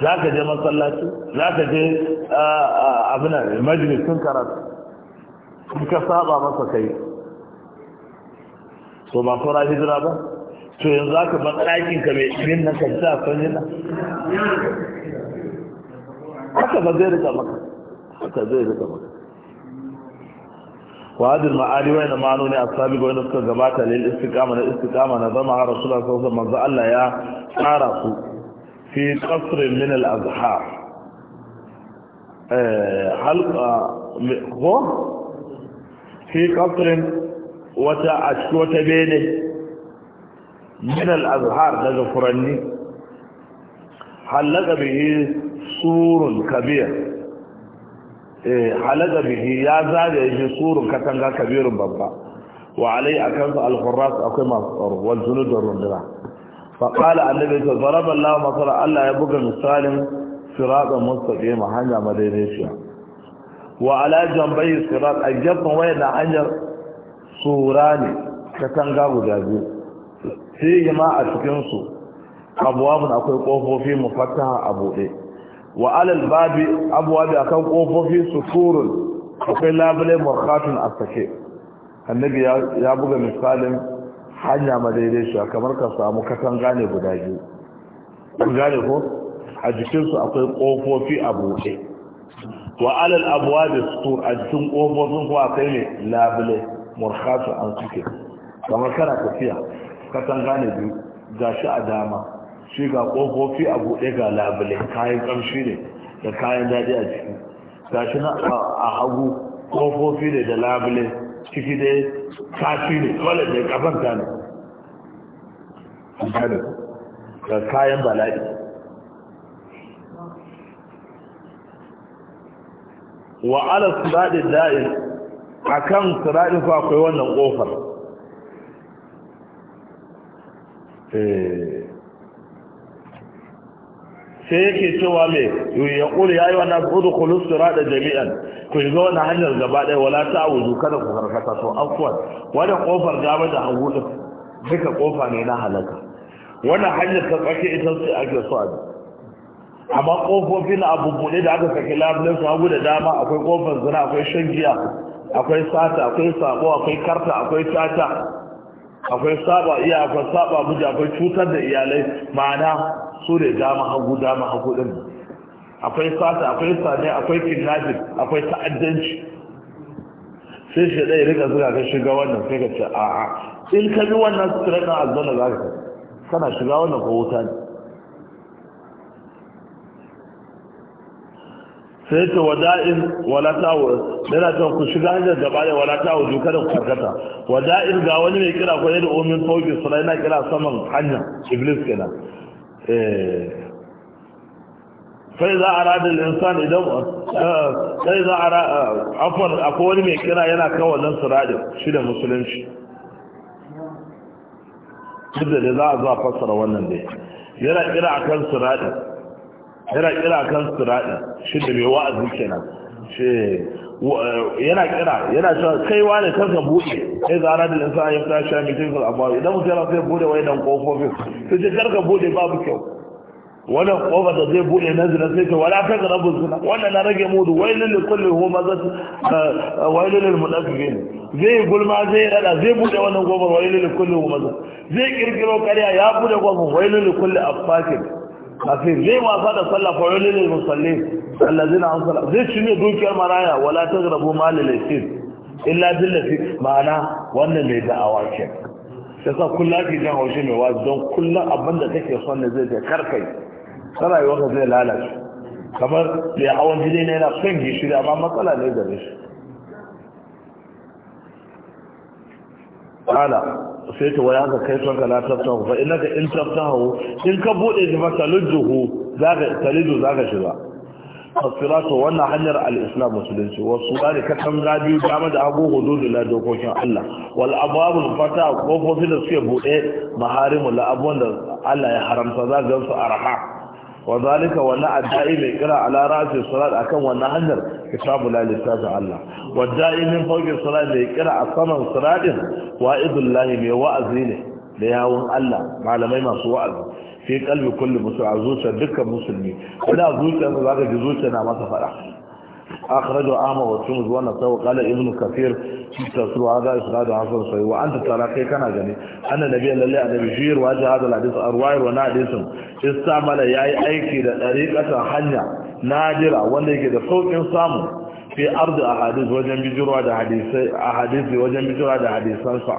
za ka je masallaci za ka je abinan sun karatu in ka saba masa kai so ba kora hijira ba to yanzu za ka matsalakin ka mai irin na kanta a sanyi na haka ba zai rika maka haka zai rika maka wa hadin ma'ani wa ma'ano ne ashabi ga wanda suka gabata lil istiqama na istiqama na zama har rasulullah sallallahu alaihi wasallam Allah ya tsara su fi qasr min al azhar eh halqa ko fi qasr wata ashko wata bene min al azhar daga furanni halaka bihi surun kabir Eh, halaga bihi ya zagaye shi surun katanga kabirin babba wa alai akan su al akwai masu tsaro wal junud runduna fa qala annabi ta zaraba Allah masala Allah ya buga misalin siratan mustaqima hanya madaidaiciya wa ala a sirat ajabban wayna hanyar ne. katanga guda biyu sai a cikin su abwabun akwai kofofi a buɗe. wa alal babi da akan kofofi suturun akwai labule markatun asake annabi ya buga misalin hanya shi kamar ka samu katanga ne guda biyu gane ko a jikinsu akwai kofofi a buɗe wa alal da sutur a jikin kofofin kuma akwai ne labule markatun asake kamar kana tafiya katanga ne biyu gashi a dama shi ga ƙofofi a buɗe ga labule kayan ƙamshi ne da kayan daɗi a ciki ga shi na a hagu ƙofofi ne da labule ciki dai kashi ne wale da ƙafanta ne ga kayan bala'i wa ala siraɗin da'in a kan siraɗin fa akwai wannan ƙofar eh. sai yake cewa me ya ƙuri ya yi wa nasu ƙudu kulus da jami'an ku shiga wani hanyar gaba ɗaya wala ta wuzu kada ku karkata to afuwan wani ƙofar dama da hagu ɗin duka ƙofa ne na halaka wannan hanyar ta tsake ita ce ake so a bi amma ƙofofi na abubuwa da aka saki labulai su hagu da dama akwai ƙofar zina akwai shan giya akwai sata akwai sabo akwai karta akwai tata akwai saba iya akwai saba buja akwai cutar da iyalai ma'ana su ne dama hagu dama hagu din akwai sata akwai sane akwai kidnapping akwai ta'addanci sai shi ɗaya rika zuwa ga shiga wannan sai ka ce a'a in ka bi wannan straight na azzana za ka kana shiga wannan ko wuta ne sai ta wada'in walatawo yana ta ku shiga hanyar da gaba da walatawo dukanin karkata wada'in ga wani mai kira kwaye da omin fauki suna yana kira saman hanya iblis kenan sai eh. za a radin insan idan sai eh, za a eh, afon akwai wani mai kira yana kawo nan su radin shi da musulunci duk da za a zuwa fassara wannan dai yana kira a kan su radin yana kira a kan su radin shi da mai wa'azi kenan shi yana kira yana cewa kai wani kanka buɗe sai zara da insa ya fita sha mai tilkul abba idan mutum yana sai buɗe wayannan kofofin su ce karka buɗe babu kyau wannan kofa da zai buɗe na zina sai ce wala ta rabu zina wannan na rage mudu wailul eh, lil kulli huma zai wai lil mudaffifin zai gulma zai rada zai buɗe wannan kofar wai lil kulli huma zai kirkiro kariya ya buɗe kofar wai lil kulli affakin kafin zai wasa da sallah farolin ne musalli allazina an zai shi ne dukiyar maraya wala ta zarabu mali laifin illa billafi ma'ana wannan mai da ke sai sa kulla ki jan haushe mai wazi don kullum abinda da take son ne zai je karkai ta rayuwarka zai lalace kamar mai hawan jini ne yana son gishiri amma matsala ne da shi kala sai ta waya ka kai son ka la taftahu fa innaka in taftahu in ka bude shi fa talujhu zaka talidu zaka shiga fasiratu wannan hanyar al-islam musulunci wasu gane ka kan gabi dama da hagu hududu na dokokin Allah wal ababul fata da suke bude maharimu la abun da Allah ya haramta za ga su arha wa zalika wannan addai mai kira ala ra'si salat akan wannan hanyar kitabu la littafin Allah wadda imin faukin sura mai kira a saman siradin wa'izun lahi mai wa'azi ne da yawon Allah malamai masu wa'azi fi kalbi kulli musu a zuciyar dukkan musulmi wani zuciyar za ka ji zuciya na masa fada akhrajo ahmad wa tumus wa nasaw qala ibn kathir fi tafsir wa isnad hasan sahih wa anta tara kai kana gani anna nabiyyu lillahi annabi shir wa hadha hadha hadith arwayr wa nadis istamala yayi aiki da dariqatan hanya nadira wanda yake da saukin samu fi ardu ahadith wajen bijirwa da hadisi wajen bijirwa da hadisan sa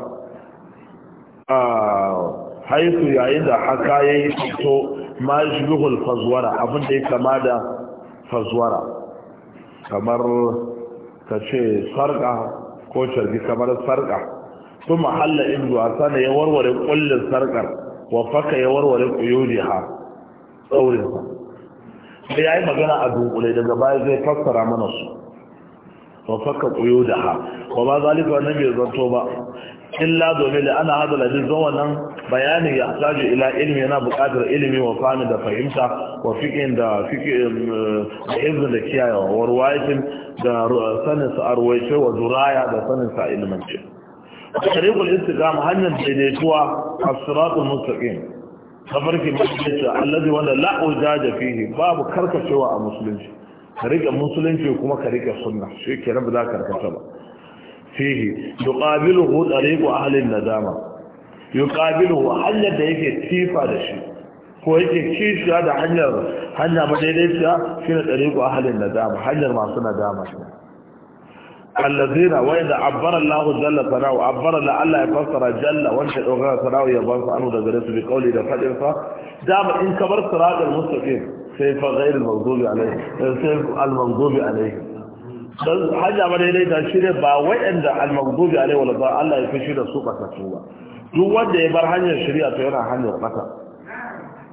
haisu yayin da haka yi fito ma shibhul fazwara abin da ya kama da fazwara kamar kace sarka ko sharbi kamar sarka ثم ya warware عسان يورور كل السرقر وفك يورور قيودها قولها sai ya yi magana a dunkule daga baya zai fassara mana su wa fakka kuyo da ha ba ba zalika wannan bai zanto ba illa domin da ana hada ladin zon wannan bayanin ya tsaju ila ilmi yana buƙatar ilimi wa fani da fahimta wa fikin da fikin eh, da izin da kiyayewa wa ruwayatin da sanin sa arwaice wa zuraya da sanin sa ilmance tariqul istiqama hanyar daidaituwa as-siratul mustaqim tafarkin musulunci allazi wanda la'uja da fihi babu karkacewa a musulunci ka rika musulunci kuma ka rika sunna shi ke rabu za karkata ba fihi yuqabiluhu tariqu ahli nadama yuqabiluhu hanyar da yake tifa da shi ko yake kishiya da hanyar hanya madaidaiciya shine tariqu ahli nadama hanyar masu nadama allazina wa idza abbara Allah jalla sana'u abbara la Allah ya fassara jalla wanda dogara sana'u ya ban sa anu da gare su bi kauli da fadin sa dama in ka bar siratal mustaqim sai fa ghayr al maghdubi alayhi sai al maghdubi alayhi dan haja ba dai da shi ne ba wayanda al maghdubi alayhi wala ba Allah ya fishi da su kasatu ba duk wanda ya bar hanyar shari'a to yana hanyar mata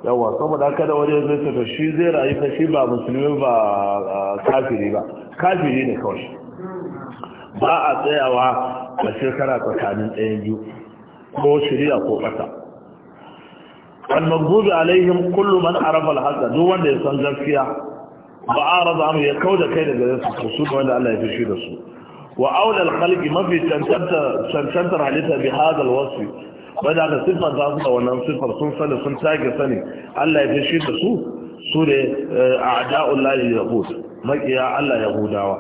yawa saboda kada wani ya zai ta shi zai rayu fa shi ba musulmi ba kafiri ba kafiri ne kawai ba a tsayawa a shekara tsakanin ɗayan biyu ko shirya ko ƙasa al-maghdubi alaihim kullu man arafa al duk wanda ya san gaskiya ba raza an ya kauda kai daga su su wanda Allah ya shi da su wa aula mafi cancantar halitta bi hada al-wasf wanda ka su da wannan siffar sun sani sun tage sani Allah ya shi da su su ne eh, a'da'ullahi yahud makiya Allah yahudawa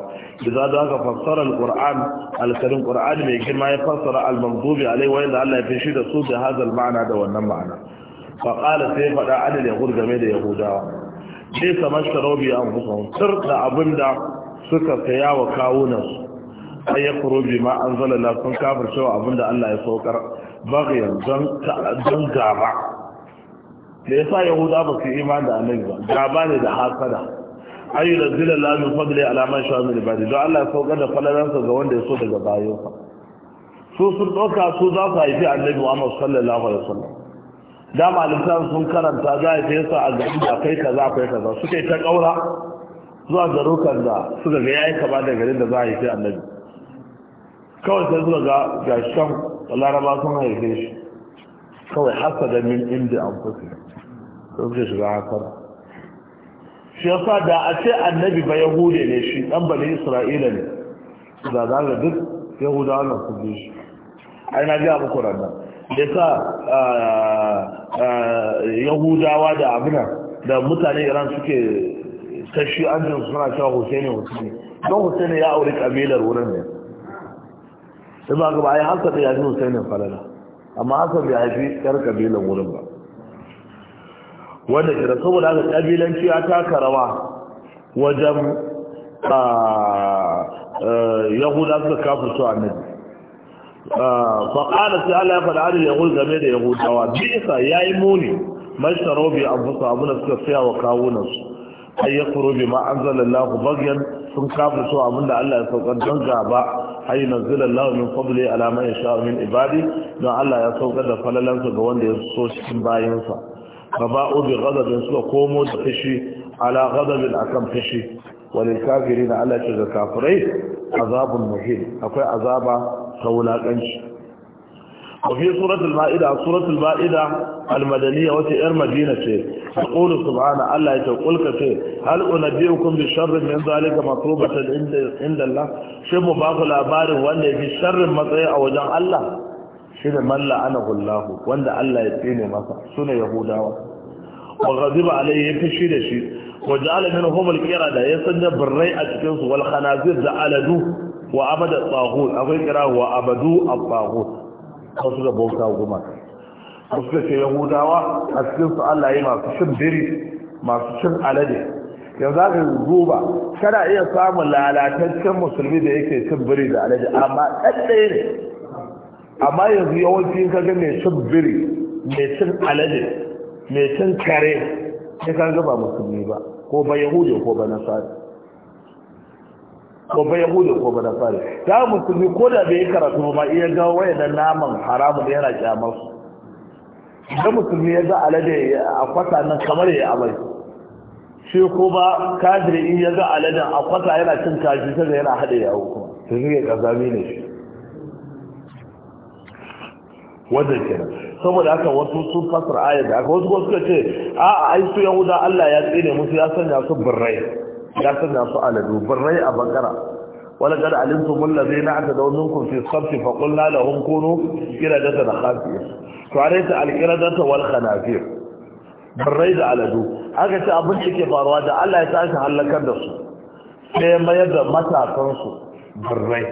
idza za ka fassara alquran alkarim qur'ani mai girma ya fassara almaghdubi alai alaiwa inda Allah ya fishi da su da hazal ma'ana da wannan ma'ana fa sai fada adal yahud game da yahudawa sai samashtaru an anfusahum sir da da suka saya wa kawunan su ay yakuru bi ma anzala sun kafar cewa da Allah ya saukar bagyan dan gaba da yasa yahuda ba su imani da annabi ba gaba ne da hasada ayu da zila lamin fadli man shawar da ibadi don allah ya saukar da falalansa ga wanda ya so daga bayansa su sun ɗauka su za su haifi annabi muhammad sallallahu alaihi wasallam da malintan sun karanta za a fiye sa a gari da kai kaza kai kaza suka ta ƙaura zuwa garukan da suka ga yayi kama da garin da za a haifi annabi kawai sai suka ga gashen laraba sun haife shi kawai hasa da min inda an fusi sun za a hasara shi yasa da a ce annabi ba hude ne shi dan bani isra'ila ne da za ga duk yahudawa ana su bi shi ai na ga muku ranar da sa yahudawa da abuna da mutane iran suke tashi an jin suna cewa husaini husaini don husaini ya aure kabilar wurin ne sai ba ga ba ai hankali ya ji husainin falala amma hasan bai haifi yar kabilar wurin ba wanda ke da saboda haka kabilanci ya taka rawa wajen yahuda suka kafin su annabi faƙalar sai Allah ya faɗa adil yahud game da yahudawa bisa ya yi muni mashitaro bi an abu suka saya wa kawunansu ai ya kuro bi ma an zala lahu bagyan sun kafin su abin da Allah ya saukar don gaba ai na zila lahu min fadli alama ya sha min ibadi don Allah ya saukar da falalansa ga wanda ya so cikin bayansa فباءوا بغضب سوى قوموا تفشي على غضب أكم فشي وللكافرين على شذ الكافرين عذاب مهين أكوي عذاب خولا كنش وفي سورة المائدة سورة المائدة المدنية وتئر مدينة يقول سبحانه الله يتقولك هل أنبئكم بشر من ذلك مطلوبة عند الله شيء مباق الأبار وأن في شر مطيع وجه الله شيء من لعنه الله وأن الله يتقيني مصر سنة يهوداوة wa ghadiba alayhi ya fishi da shi wa ja'ala minhum al da ya sanya birrai a cikin su wal da aladu wa abada akwai kira wa abadu at-taghut ko suka bauta goma ko suka ce yahudawa a cikin su Allah ya masu shin biri masu shin alade yanzu aka duba kana iya samun lalataccen musulmi da yake cin biri da alade amma ne amma yanzu yawanci ka ga cin biri mai cin alade mai cin kare sai ka ga musulmi ba ko ba yahudi ko ba nasari ko ba yahudu ko ba nasari ta musulmi ko da bai karatu ba iya ga da naman haramun yana kyamar su musulmi ya ga alade a kwata nan kamar ya amai shi ko ba kadiri in ya ga aladen a kwata yana cin kashi sai yana hada yawo kuma sai ya kazami ne shi wannan kenan saboda haka wasu sun fasar ayar da aka wasu suka ce a a ai su yahuda Allah ya tsine musu ya sanya su birrai ya sanya su aladu birrai a bakara wala kad alimtum allazina atadaw minkum fi sabt fa qulna lahum kunu qiradatan khafiyah to alaysa alqiradatu wal khanafir birrai da aladu aka ce abin da ke faruwa da Allah ya tashi halakar da su sai mayar da matasan su birrai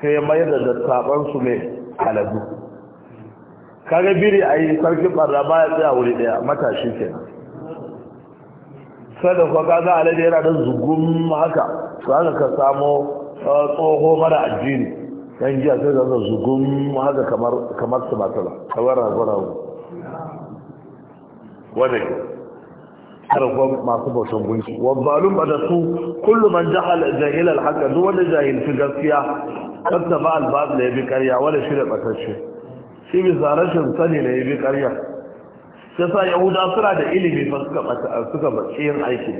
sai mayar da dattaban su ne aladu kaga biri a yi sarkin barna ba ya tsaya wuri daya matashi ke da kwa kaga alade yana da zugun haka su haka ka samo uh, tsoho mara ajini yan jiya sai da zugun haka kamar su matala kamar ragu-ragu wadda ke kwa masu bautan gunki wabbalun ba da su kullum an jahil haka duk wanda jahil fi gaskiya tsabta ba albaz da ya bi karya wadda shi da ɓatacce shi mai zarashin sani na yabi karya ya sa yahuda suna da ilimi ba suka bace yin aiki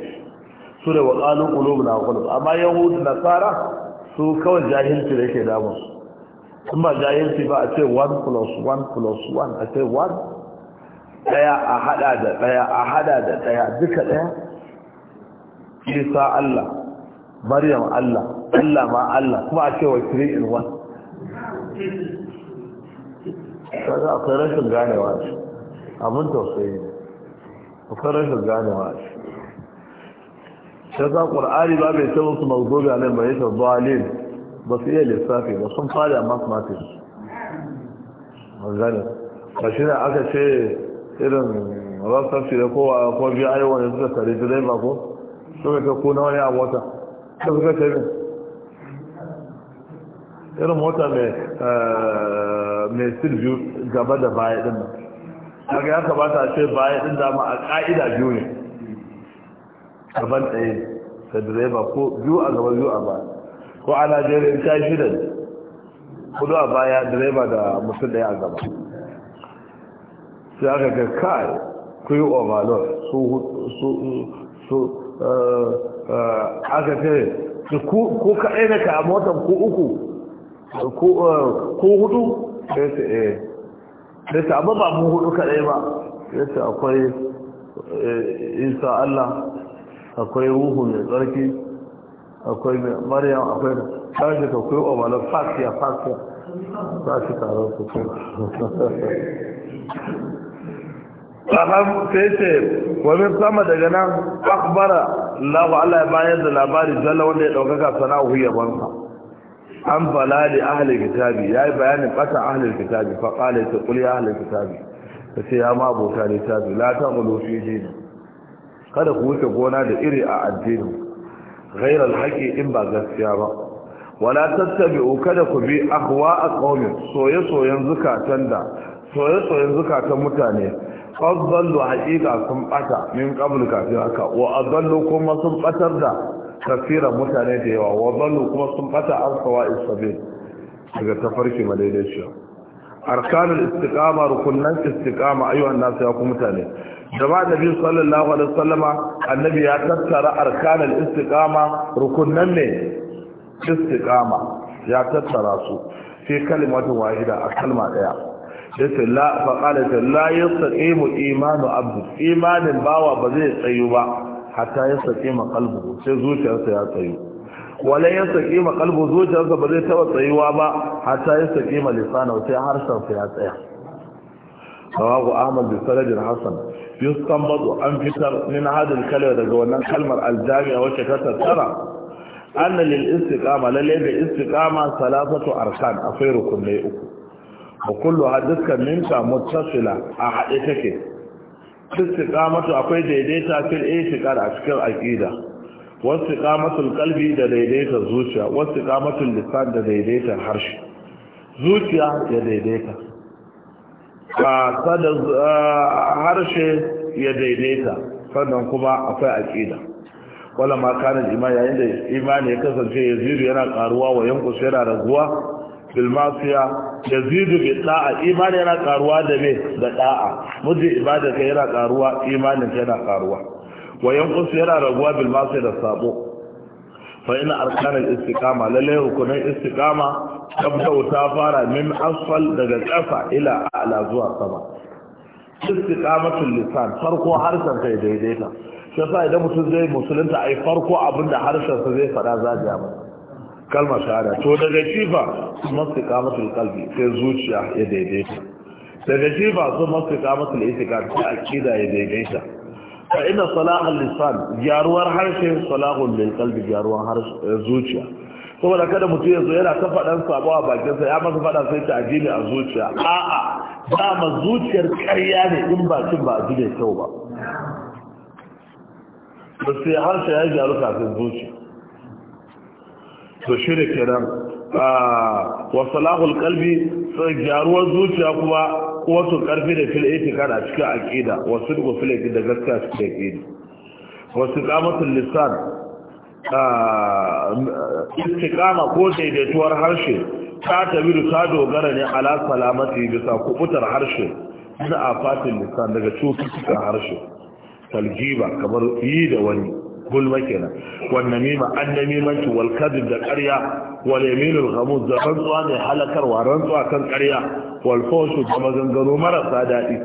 su da waƙalin ƙulubu na ƙulubu amma yahudu na tsara su kawai jahilci da yake damu sun ba jahilci ba a ce 1 plus 1 plus 1 a ce 1 ɗaya a hada da ɗaya a hada da ɗaya duka ɗaya isa allah maryam allah allah ma allah kuma a ce wa 3 in 1 kaga akwai rashin ganewa shi abin tausayi ne akwai rashin ganewa shi shaka ƙwar'ari ba bai taɓa su zobe a nan bai yake zuwalin ba su iya lissafi ba sun a mathematics magana ba shi ne aka ce irin rasafi da kowa ko biya aiwa ne suka tare ba ko suka ta kuna wani a wata suka ta irin mota mai eh, silviyu gaba da baya din daga ya kamata ce baya din dama a ka'ida biyu ne gaban ɗaya da direba ko biyu a gaba biyu a baya ko a najeriya ta ne, kudu a baya direba da mutum ɗaya a gaba sai aka ga kai ku yi overload su eh, eh, aka ce ku kaɗai na ka a motar ku uku Eh, ko hudu da ta eh. amma ba mu hudu kadai ba yace akwai eh, isa Allah akwai ruhu mai tsarki akwai maryam akwai tashi ka kuwa wala fasiya fasiya za su taron su ce sannan sai ce wani sama daga nan akbara lafa Allah ya bayar da labari zalla wanda ya ɗaukaka sana'u banka. an bala da ahalin kitabi ya yi bayanin ɓata ahalin kitabi faƙala ta ƙuli ahalin kitabi ta ce ya ma abota littafi latan ne jini kada ku wuce gona da iri a addini gairar haƙi in ba gaskiya ba wala tattabi'u kada ku bi akwa a ƙaunin soye-soyen zukatan da soye-soyen zukatan mutane ƙasballu haƙiƙa sun ɓata min ƙabul kafin haka wa zallo kuma sun ɓatar da kafiran mutane da yawa wa zallu kuma sun bata arsawa isabil daga tafarki madaidaiciya arkanul istiqama rukunan istiqama ayyuhan nasu ya ku mutane jama'a nabi sallallahu alaihi wasallama annabi ya tattara arkanul istiqama rukunan ne istiqama ya tattara su fi kalimatin wahida a kalma daya yace la faqala la yastaqimu imanu abdu" imanin bawa ba zai tsayu ba حتى يستقيم قلبه سيزوجته يا طيب ولا يستقيم قلبه زوجته بده يتوى طيبا حتى يستقيم لسانه وسيحرصه يا طيب رواه احمد بسند الحسن يستنبط ان فتر من هذا الكلمه ده هو ان كلمه الجامعه وشكتت ترى ان للاستقامه لا ليه ثلاثه اركان افيركم ليه وكل هذا كان منك متصله احدتك istiqamatu akwai daidaita fil itiqad a cikin aqida wasiqamatul kalbi da daidaita zuciya wasiqamatul lisan da daidaita harshe zuciya ya daidaita a sada eh, harshe ya daidaita sannan kuma akwai aqida wala ma kana imani yayin da imani ya kasance yanzu yana karuwa wa yankus yana raguwa bil masiya yazidu bi da'a imani yana karuwa da me da da'a muje ibada kai yana karuwa imanin kai yana karuwa wa kusa yana raguwa bil da sabo fa ina arkanul istiqama lalle rukunin istiqama tabda ta fara min asfal daga kafa ila ala zuwa sama istiqamatul lisan farko harshen kai daidaita shi yasa idan mutum zai musulunta ai farko abinda harshen sa zai fada zajiya masa kalmar shahada to daga cifa su masu kamatul kalbi sai zuciya ya daidaita daga cifa su masu kamatul itika sai akida ya daidaita fa ina salahul lisan gyaruwar harshe salahul da kalbi gyaruwar harshe eh, zuciya saboda kada mutum ya zo yana ta faɗan sabo a bakinsa ya masa faɗa sai ta ajini a zuciya a'a dama zuciyar karya ne in bakin ba a jide kyau ba ba sai harshe ya gyaru kafin zuciya to shi da kenan wa salahul qalbi gyaruwar zuciya kuma kuwatun karfi da fil itiqad a cikin aqida wa sidqu fil itiqad da gaskiya cikin aqida wa istiqamatul lisan istiqama ko daidaituwar harshe ta tabiru ta dogara ne ala salamati bisa kubutar harshe na afatin lisan daga cututtukan harshe talgiba kamar yi da wani gulma kenan wannan namima an namimanci wal kadhib da ƙarya wal yaminul ghamuz da rantsuwa mai halakarwa rantsuwa kan ƙarya wal fawshu da maganganu marasa daɗi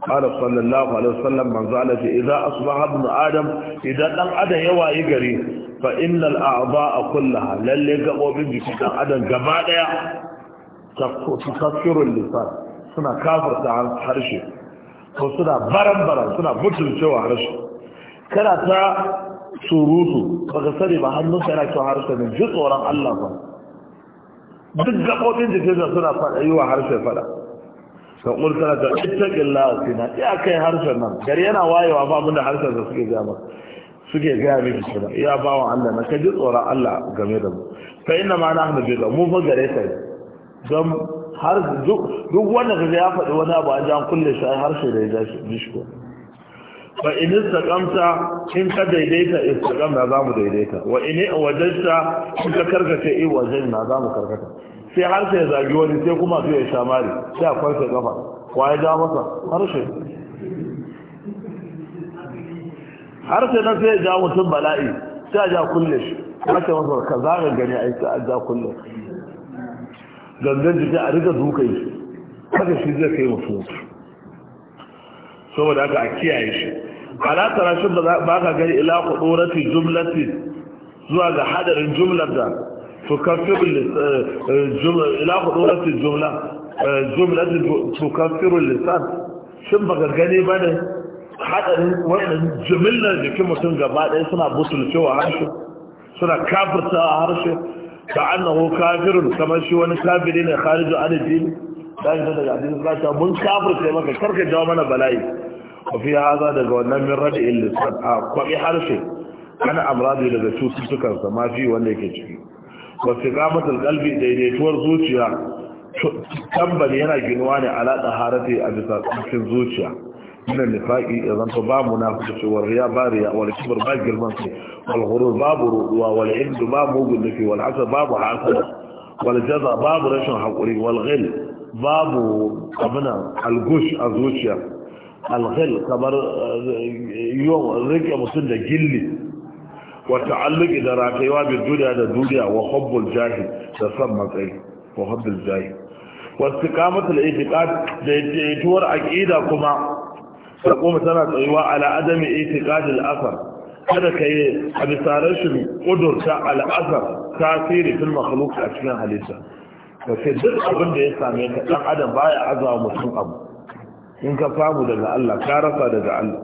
قال صلى الله عليه وسلم من زال في إذا أصبح ابن آدم إذا لم أدى يوائي قريب فإن الأعضاء كلها للي قبوا من جسد أدم جمالا تكفر اللسان سنة كافر تعالى حرشي ko suna baran-baran suna mutuncewa harshe kana ta surutu baka sani ba hannun yana kyau harshe ne ji tsoron Allah ba duk gaɓoɓin jikinsa suna faɗa yi wa harshe faɗa ka ƙulkana ta ittaƙin la'asi na iya kai harshen nan gari yana wayewa ba abinda harshen da suke gaya maka suke gaya miki shi ba iya bawan Allah na kaji tsoron Allah game da mu fa inna ma nahnu bi mun fa gare ka don har duk wanda kaje ya faɗi wani abu an ji an kulle shi har harshe da ya ji shi ko fa in istaqamta in ka daidaita istiqam za mu daidaita wa in wajadta in ka karkace in wajadna za mu karkata sai har sai zagi wani sai kuma sai ya shamari sai a kwarce kafa wa ya ja masa harshe sai na sai ya ja mutum bala'i sai a ja kulle shi sai masa ka zaga gani a yi sai a ja kulle gangan jiki a riga dukai shi haka shi zai kai mutum saboda haka a kiyaye shi ala tarashin ba ka gani ila kudurati jumlati zuwa ga hadarin jumlar da tukaffiru eh, eh, ila kudurati jumla eh, jumlati tukaffiru lisan shin ba ka gani ba ne hadarin wannan jumlar jikin mutum gaba ɗaya suna butulcewa harshe suna kafirta a harshe ka annahu kafirun kamar shi wani kafiri ne kharijo adadi da daga addinin zaka mun kafirta maka karka jawo mana bala'i kwafi ya haza daga wannan mirrani illisan a kwafi harshe ana amradi daga cututtukansa ma fi wanda yake ciki ba su gama talgalbi daidaituwar zuciya tambari yana ginuwa ne a laɗa a bisa tsarkin zuciya ina nufaƙi ya zanto ba mu na kusa cewar ba riya wani kibar ba girman su walhuru babu ruduwa wani indu ba mugun nufi wani babu hasa wani jaza babu rashin haƙuri wani gil babu abinan algush a zuciya alghil kamar eh, yawan rike mutum da gilli wa ta'alluqi da ratayewa bi duniya da duniya wa hubbul jahil da san matsayi wa hubbul jahil wa istiqamatul i'tiqad da yaituwar aqida kuma sai kuma tana tsayuwa ala adami i'tiqadil asar kada kai a bisarar shi kudurta al'asar tasiri fil makhluq a cikin halitta kace duk abin da ya same ka dan adam baya azawa mutum abu in ka famu daga Allah ka rasa daga Allah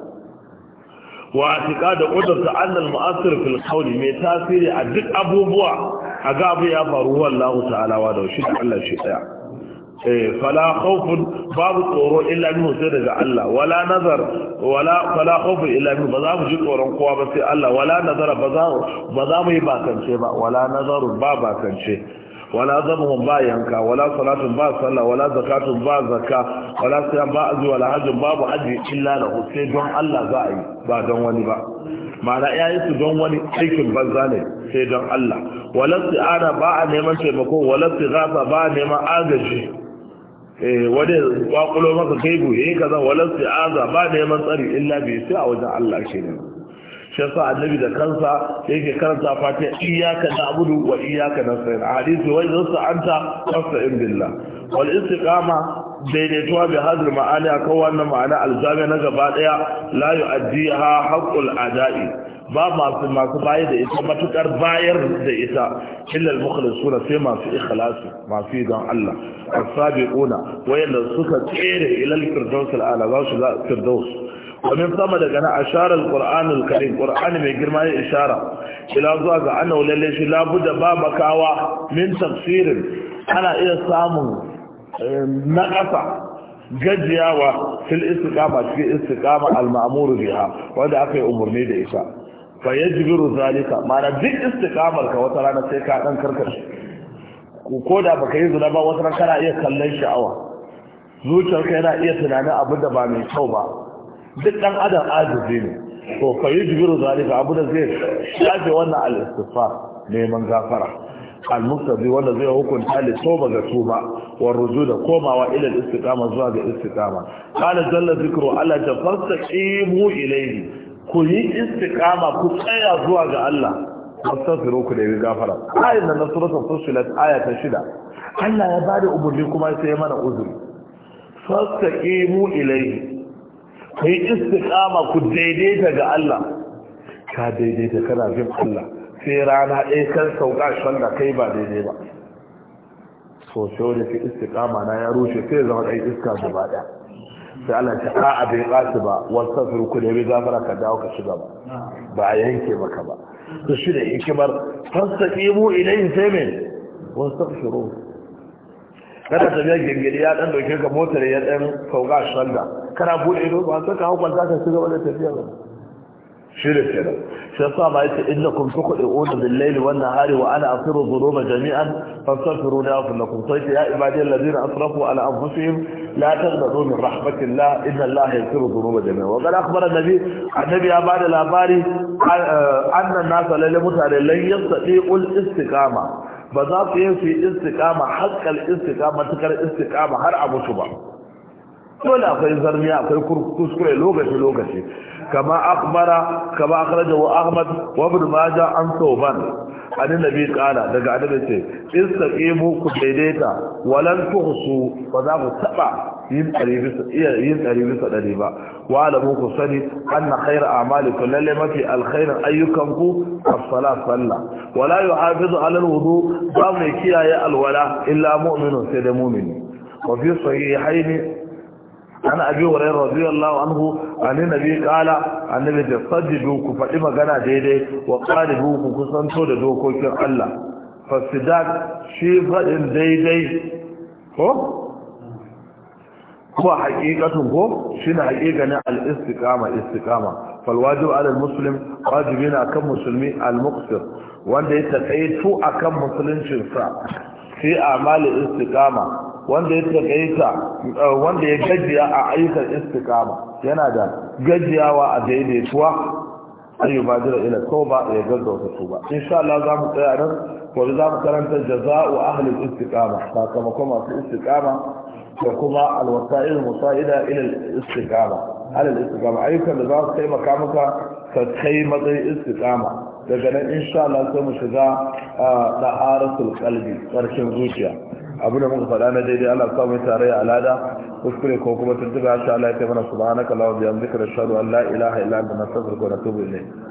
wa atika da kudurta annal mu'assir fil qawli mai tasiri a duk abubuwa a ga abu ya faru wallahu ta'ala wa da shi Allah shi daya eh fala khawfun babu tsoro illa min sai daga Allah wala nazar wala fala khawfun illa min ba za mu ji tsoron kowa ba sai Allah wala nazar ba za ba za mu yi bakance ba wala nazar ba bakance wala zamuhun ba yanka wala salatun ba sallah wala zakatun ba zakka wala siyam ba azu wala hajjin babu hajji illa da sai don Allah za a yi ba don wani ba ma'ana ya yi su don wani aikin banza ne sai don Allah wala ana ba a neman taimako wala gafa ba a neman agaji Wani kwakulo masa kai buhe kaza wala aza ba neman tsari illa bai sai a wajen Allah shi ne shi annabi da kansa yake karanta fatiha iyyaka na'budu wa iyyaka nasta'in hadisi wa idza sa'anta fasta'in billah wal istiqama daidaituwa bi hadal ma'ani akan wannan ma'ana alzami na gaba daya la yu'addiha haqqul ada'i ba masu masu bayar da ita matukar bayar da ita illa al-mukhlisuna sai masu ikhlasi masu don Allah as-sabiquna wayanda suka tsere ila al-firdaus al-ala za su firdaus domin sama daga na asharar ƙur'anul karim ƙur'ani mai girma ya ishara ila zuwa ga annabu lalle shi labuda ba makawa min tafsirin ana iya samun eh, na ƙasa gajiyawa fil istiqama cikin istiqama al-ma'muru biha wanda aka yi umarni da isa fa yajbiru zalika mana duk istiqamar ka wata rana sai ka dan karkace ko da baka yi zina ba wata rana kana iya kallon sha'awa zuciyarka yana iya tunanin abin da ba mai kyau ba duk dan adam ajizi ne to fa yujbiru zalika abu da zai shafe wannan al neman gafara al muktabi wanda zai hukunta li toba ga tuba wa ruju da komawa ila istiqama zuwa ga istiqama qala jalla zikru alla mu ilayhi ku yi istiqama ku tsaya zuwa ga Allah wastaghfiru ku da gafara ayin nan suratul fusilat aya ta shida. Allah ya bada umurni kuma sai mana uzuri fastaqimu ilayhi ku yi istiƙama ku daidaita ga Allah ka daidaita kana jin Allah sai rana ɗaya kan sauka shi wanda kai ba daidai ba so sai wanda ke istiqama na ya rushe sai zama ɗai iska gaba ɗaya sai Allah ta a bai ƙasu ba wasu firku da ya bi zafara ka dawo ka shiga ba ba a yanke maka ba su shi da hikimar fastaƙi mu ilayhi sai wasu firku kana tafiya gingiri ya dan dauke ka motar ya dan sauka shanda kana bude ido ba sai ka hukunta ka shiga wannan tafiya ba shi da ke nan shi yasa ma yace innakum tuqdi'una bil-layli wan-nahari wa ana asiru dhunuba jami'an fastaghfiru li anfusikum sayyi ya ibadi alladhina asrafu ala anfusihim la taghdadu min rahmatillah inna allaha yaghfiru dhunuba jami'an wa qad akhbara an-nabi annabi ya bada labari eh, anna an-nasa lil mutane lan yastati'u al-istiqama ba za ku yi su yi istiqama haƙƙal istiqama tukar istiqama har abu su ba dole akwai zarmi akwai kuskure lokaci lokaci kama akbara kama akhraja wa ahmad wa maja an tawban an nabi qala daga annabi ce istaqimu ku daidaita walan tuhsu za ku taba yin ɗari bisa ɗari ba wa alamu ku sani an na khairar amali ku lalle mafi alkhairar ayyukanku a sala sallah wala yi hafizu alal wudu ba mai kiyaye alwala illa mu'minu sai da mu'mini wa fi sahihaini ana abi wurin radiyallahu anhu ani nabi kala annabi da sajidu ku faɗi magana daidai wa qalibu ku kusanto da dokokin Allah fasidak shi faɗin daidai ko ko haƙiƙatun ko shine haƙiƙanin al-istiqama istiqama فالواجب على المسلم musulmi أكم مسلمي المقصر وان دي تقيتو أكم مسلم شرفا في أعمال istikama. wanda ya takaita eh, wanda ya gajiya a ayyukan istiqama yana da gajiyawa a daidaituwa ayu badira ila tauba ya gaddo ta tuba insha Allah za mu tsaya nan ko za mu karanta jazaa'u ahli istiqama sakamakon masu istiqama da kuma alwasa'il musa'ida ila istiqama ala istiqama ayyukan da za su taimaka maka ka kai matsayin istiqama daga nan insha Allah sai mu shiga eh, da harasul qalbi sarkin zuciya abu da muka faɗa na daidai Allah sa mai a alada kuskure ko kuma tuntuba sha ala ya mana subhanaka Allahumma biyan nashhadu an la ilaha illa da nastaghfiruka wa tubu ne.